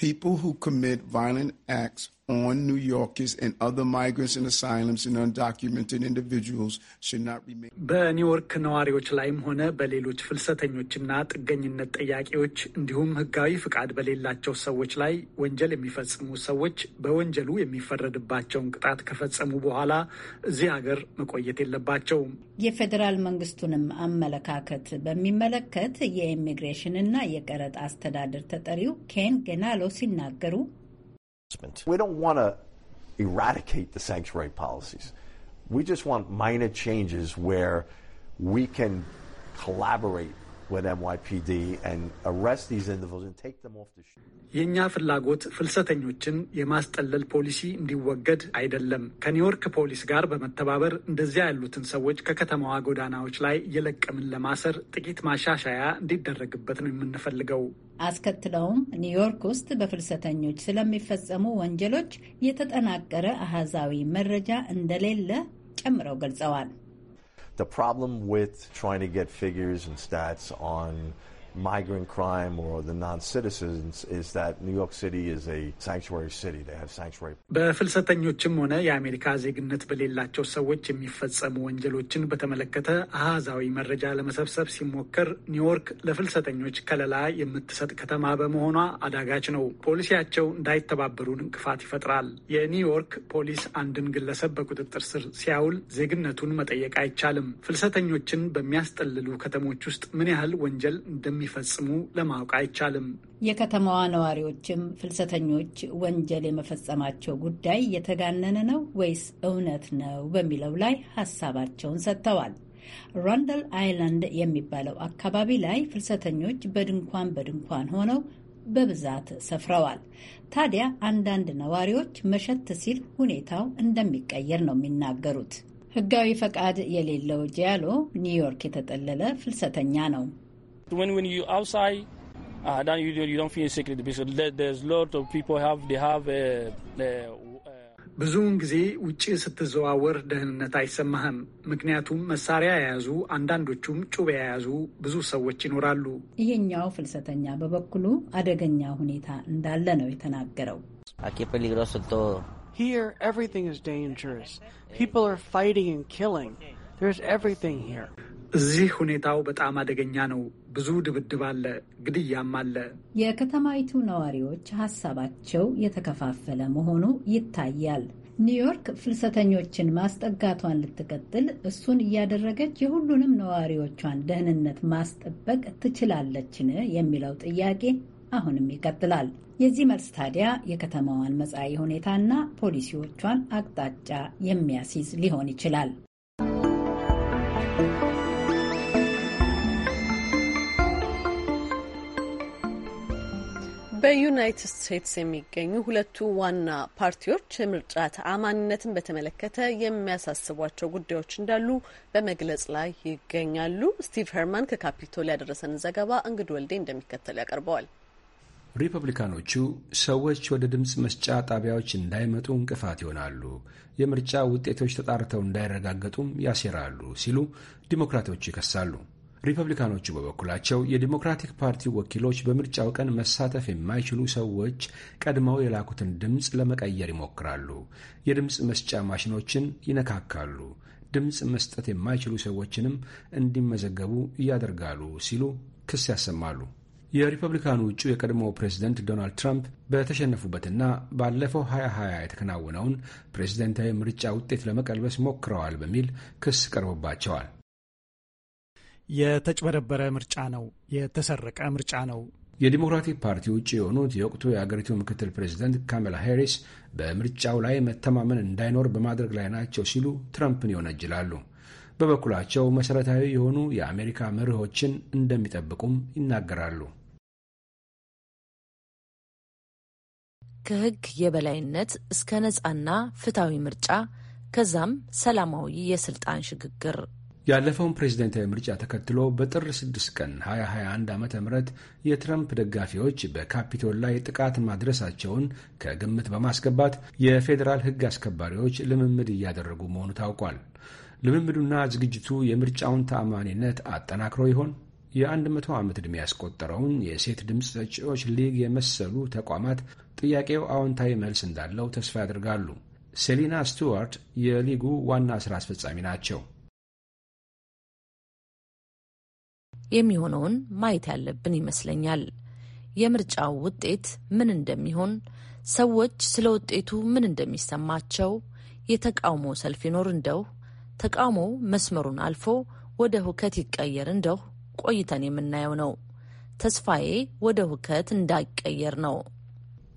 People who commit violent acts on New Yorkers and other migrants and asylums and undocumented individuals should not remain. በኒውዮርክ ነዋሪዎች ላይም ሆነ በሌሎች ፍልሰተኞችና ጥገኝነት ጠያቂዎች እንዲሁም ሕጋዊ ፍቃድ በሌላቸው ሰዎች ላይ ወንጀል የሚፈጽሙ ሰዎች በወንጀሉ የሚፈረድባቸውን ቅጣት ከፈጸሙ በኋላ እዚህ ሀገር መቆየት የለባቸውም። የፌዴራል መንግስቱንም አመለካከት በሚመለከት የኢሚግሬሽንና የቀረጥ አስተዳደር ተጠሪው ኬን ገናሎ ሲናገሩ We don't want to eradicate the sanctuary policies. We just want minor changes where we can collaborate የእኛ ፍላጎት ፍልሰተኞችን የማስጠለል ፖሊሲ እንዲወገድ አይደለም። ከኒውዮርክ ፖሊስ ጋር በመተባበር እንደዚያ ያሉትን ሰዎች ከከተማዋ ጎዳናዎች ላይ እየለቀምን ለማሰር ጥቂት ማሻሻያ እንዲደረግበት ነው የምንፈልገው። አስከትለውም ኒውዮርክ ውስጥ በፍልሰተኞች ስለሚፈጸሙ ወንጀሎች የተጠናቀረ አሃዛዊ መረጃ እንደሌለ ጨምረው ገልጸዋል። the problem with trying to get figures and stats on migrant crime or the non-citizens is that New York City is a sanctuary city. They have sanctuary. በፍልሰተኞችም ሆነ የአሜሪካ ዜግነት በሌላቸው ሰዎች የሚፈጸሙ ወንጀሎችን በተመለከተ አሃዛዊ መረጃ ለመሰብሰብ ሲሞከር ኒውዮርክ ለፍልሰተኞች ከለላ የምትሰጥ ከተማ በመሆኗ አዳጋች ነው። ፖሊሲያቸው እንዳይተባበሩን እንቅፋት ይፈጥራል። የኒውዮርክ ፖሊስ አንድን ግለሰብ በቁጥጥር ስር ሲያውል ዜግነቱን መጠየቅ አይቻልም። ፍልሰተኞችን በሚያስጠልሉ ከተሞች ውስጥ ምን ያህል ወንጀል እንደሚ እንደሚፈጽሙ ለማወቅ አይቻልም። የከተማዋ ነዋሪዎችም ፍልሰተኞች ወንጀል የመፈጸማቸው ጉዳይ የተጋነነ ነው ወይስ እውነት ነው በሚለው ላይ ሀሳባቸውን ሰጥተዋል። ሮንደል አይላንድ የሚባለው አካባቢ ላይ ፍልሰተኞች በድንኳን በድንኳን ሆነው በብዛት ሰፍረዋል። ታዲያ አንዳንድ ነዋሪዎች መሸት ሲል ሁኔታው እንደሚቀየር ነው የሚናገሩት። ሕጋዊ ፈቃድ የሌለው ጂያሎ ኒውዮርክ የተጠለለ ፍልሰተኛ ነው። when when you outside uh then you you don't feel insecure because there's a lot of people have they have a uh, uh, uh, ብዙውን ጊዜ ውጭ ስትዘዋወር ደህንነት አይሰማህም። ምክንያቱም መሳሪያ የያዙ አንዳንዶቹም ጩቤ የያዙ ብዙ ሰዎች ይኖራሉ። ይሄኛው ፍልሰተኛ በበኩሉ አደገኛ ሁኔታ እንዳለ ነው የተናገረው። እዚህ ሁኔታው በጣም አደገኛ ነው። ብዙ ድብድብ አለ፣ ግድያም አለ። የከተማይቱ ነዋሪዎች ሀሳባቸው የተከፋፈለ መሆኑ ይታያል። ኒውዮርክ ፍልሰተኞችን ማስጠጋቷን ልትቀጥል እሱን እያደረገች የሁሉንም ነዋሪዎቿን ደህንነት ማስጠበቅ ትችላለችን የሚለው ጥያቄ አሁንም ይቀጥላል። የዚህ መልስ ታዲያ የከተማዋን መጻኢ ሁኔታና ፖሊሲዎቿን አቅጣጫ የሚያስይዝ ሊሆን ይችላል። በዩናይትድ ስቴትስ የሚገኙ ሁለቱ ዋና ፓርቲዎች የምርጫ ተአማኒነትን በተመለከተ የሚያሳስቧቸው ጉዳዮች እንዳሉ በመግለጽ ላይ ይገኛሉ። ስቲቭ ሄርማን ከካፒቶል ያደረሰን ዘገባ እንግድ ወልዴ እንደሚከተል ያቀርበዋል። ሪፐብሊካኖቹ ሰዎች ወደ ድምፅ መስጫ ጣቢያዎች እንዳይመጡ እንቅፋት ይሆናሉ፣ የምርጫ ውጤቶች ተጣርተው እንዳይረጋገጡም ያሴራሉ ሲሉ ዲሞክራቶቹ ይከሳሉ። ሪፐብሊካኖቹ በበኩላቸው የዲሞክራቲክ ፓርቲ ወኪሎች በምርጫው ቀን መሳተፍ የማይችሉ ሰዎች ቀድመው የላኩትን ድምፅ ለመቀየር ይሞክራሉ። የድምፅ መስጫ ማሽኖችን ይነካካሉ። ድምፅ መስጠት የማይችሉ ሰዎችንም እንዲመዘገቡ እያደርጋሉ ሲሉ ክስ ያሰማሉ። የሪፐብሊካኑ እጩ የቀድሞ ፕሬዝደንት ዶናልድ ትራምፕ በተሸነፉበትና ባለፈው 2020 የተከናወነውን ፕሬዝደንታዊ ምርጫ ውጤት ለመቀልበስ ሞክረዋል በሚል ክስ ቀርቦባቸዋል። የተጭበረበረ ምርጫ ነው፣ የተሰረቀ ምርጫ ነው። የዲሞክራቲክ ፓርቲ ውጭ የሆኑት የወቅቱ የአገሪቱ ምክትል ፕሬዚደንት ካሜላ ሄሪስ በምርጫው ላይ መተማመን እንዳይኖር በማድረግ ላይ ናቸው ሲሉ ትረምፕን ይወነጅላሉ። በበኩላቸው መሠረታዊ የሆኑ የአሜሪካ መርሆችን እንደሚጠብቁም ይናገራሉ። ከሕግ የበላይነት እስከ ነጻና ፍትሐዊ ምርጫ ከዛም ሰላማዊ የስልጣን ሽግግር ያለፈውን ፕሬዝደንታዊ ምርጫ ተከትሎ በጥር 6 ቀን 2021 ዓ ም የትረምፕ ደጋፊዎች በካፒቶል ላይ ጥቃት ማድረሳቸውን ከግምት በማስገባት የፌዴራል ሕግ አስከባሪዎች ልምምድ እያደረጉ መሆኑ ታውቋል። ልምምዱና ዝግጅቱ የምርጫውን ተአማኒነት አጠናክሮ ይሆን? የ100 ዓመት ዕድሜ ያስቆጠረውን የሴት ድምፅ ሰጪዎች ሊግ የመሰሉ ተቋማት ጥያቄው አዎንታዊ መልስ እንዳለው ተስፋ ያደርጋሉ። ሴሊና ስቱዋርት የሊጉ ዋና ሥራ አስፈጻሚ ናቸው። የሚሆነውን ማየት ያለብን ይመስለኛል። የምርጫው ውጤት ምን እንደሚሆን፣ ሰዎች ስለ ውጤቱ ምን እንደሚሰማቸው፣ የተቃውሞ ሰልፍ ይኖር እንደው፣ ተቃውሞ መስመሩን አልፎ ወደ ሁከት ይቀየር እንደው ቆይተን የምናየው ነው። ተስፋዬ ወደ ሁከት እንዳይቀየር ነው።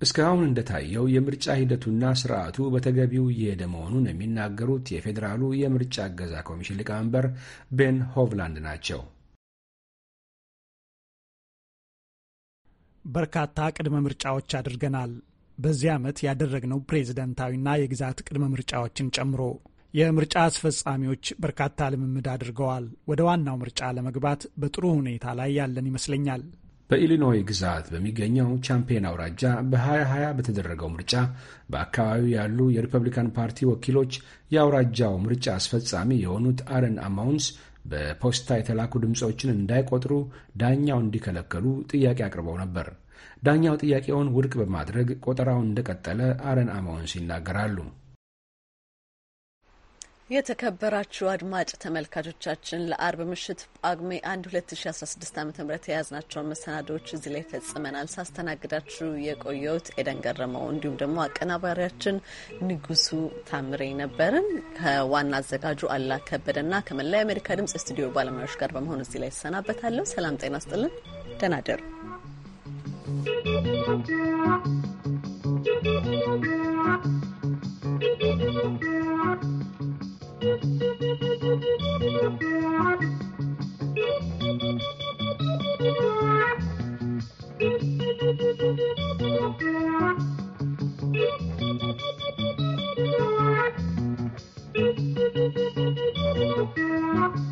እስካሁን እንደታየው የምርጫ ሂደቱና ስርዓቱ በተገቢው እየሄደ መሆኑን የሚናገሩት የፌዴራሉ የምርጫ እገዛ ኮሚሽን ሊቀመንበር ቤን ሆቭላንድ ናቸው። በርካታ ቅድመ ምርጫዎች አድርገናል። በዚህ ዓመት ያደረግነው ፕሬዝደንታዊና የግዛት ቅድመ ምርጫዎችን ጨምሮ የምርጫ አስፈጻሚዎች በርካታ ልምምድ አድርገዋል። ወደ ዋናው ምርጫ ለመግባት በጥሩ ሁኔታ ላይ ያለን ይመስለኛል። በኢሊኖይ ግዛት በሚገኘው ቻምፒየን አውራጃ በ2020 በተደረገው ምርጫ በአካባቢው ያሉ የሪፐብሊካን ፓርቲ ወኪሎች የአውራጃው ምርጫ አስፈጻሚ የሆኑት አረን አማውንስ በፖስታ የተላኩ ድምፆችን እንዳይቆጥሩ ዳኛው እንዲከለከሉ ጥያቄ አቅርበው ነበር። ዳኛው ጥያቄውን ውድቅ በማድረግ ቆጠራውን እንደቀጠለ አረን አማውን ይናገራሉ። የተከበራችሁ አድማጭ ተመልካቾቻችን ለአርብ ምሽት ጳጉሜ 1 2016 ዓ ም የያዝናቸውን መሰናዶዎች እዚህ ላይ ፈጽመናል። ሳስተናግዳችሁ የቆየሁት ኤደን ገረመው እንዲሁም ደግሞ አቀናባሪያችን ንጉሱ ታምሬ ነበርን። ከዋና አዘጋጁ አላ ከበደና ከመላ የአሜሪካ ድምጽ ስቱዲዮ ባለሙያዎች ጋር በመሆን እዚህ ላይ ይሰናበታለሁ። ሰላም ጤና ስጥልን። ደህና ደሩ። Thank you.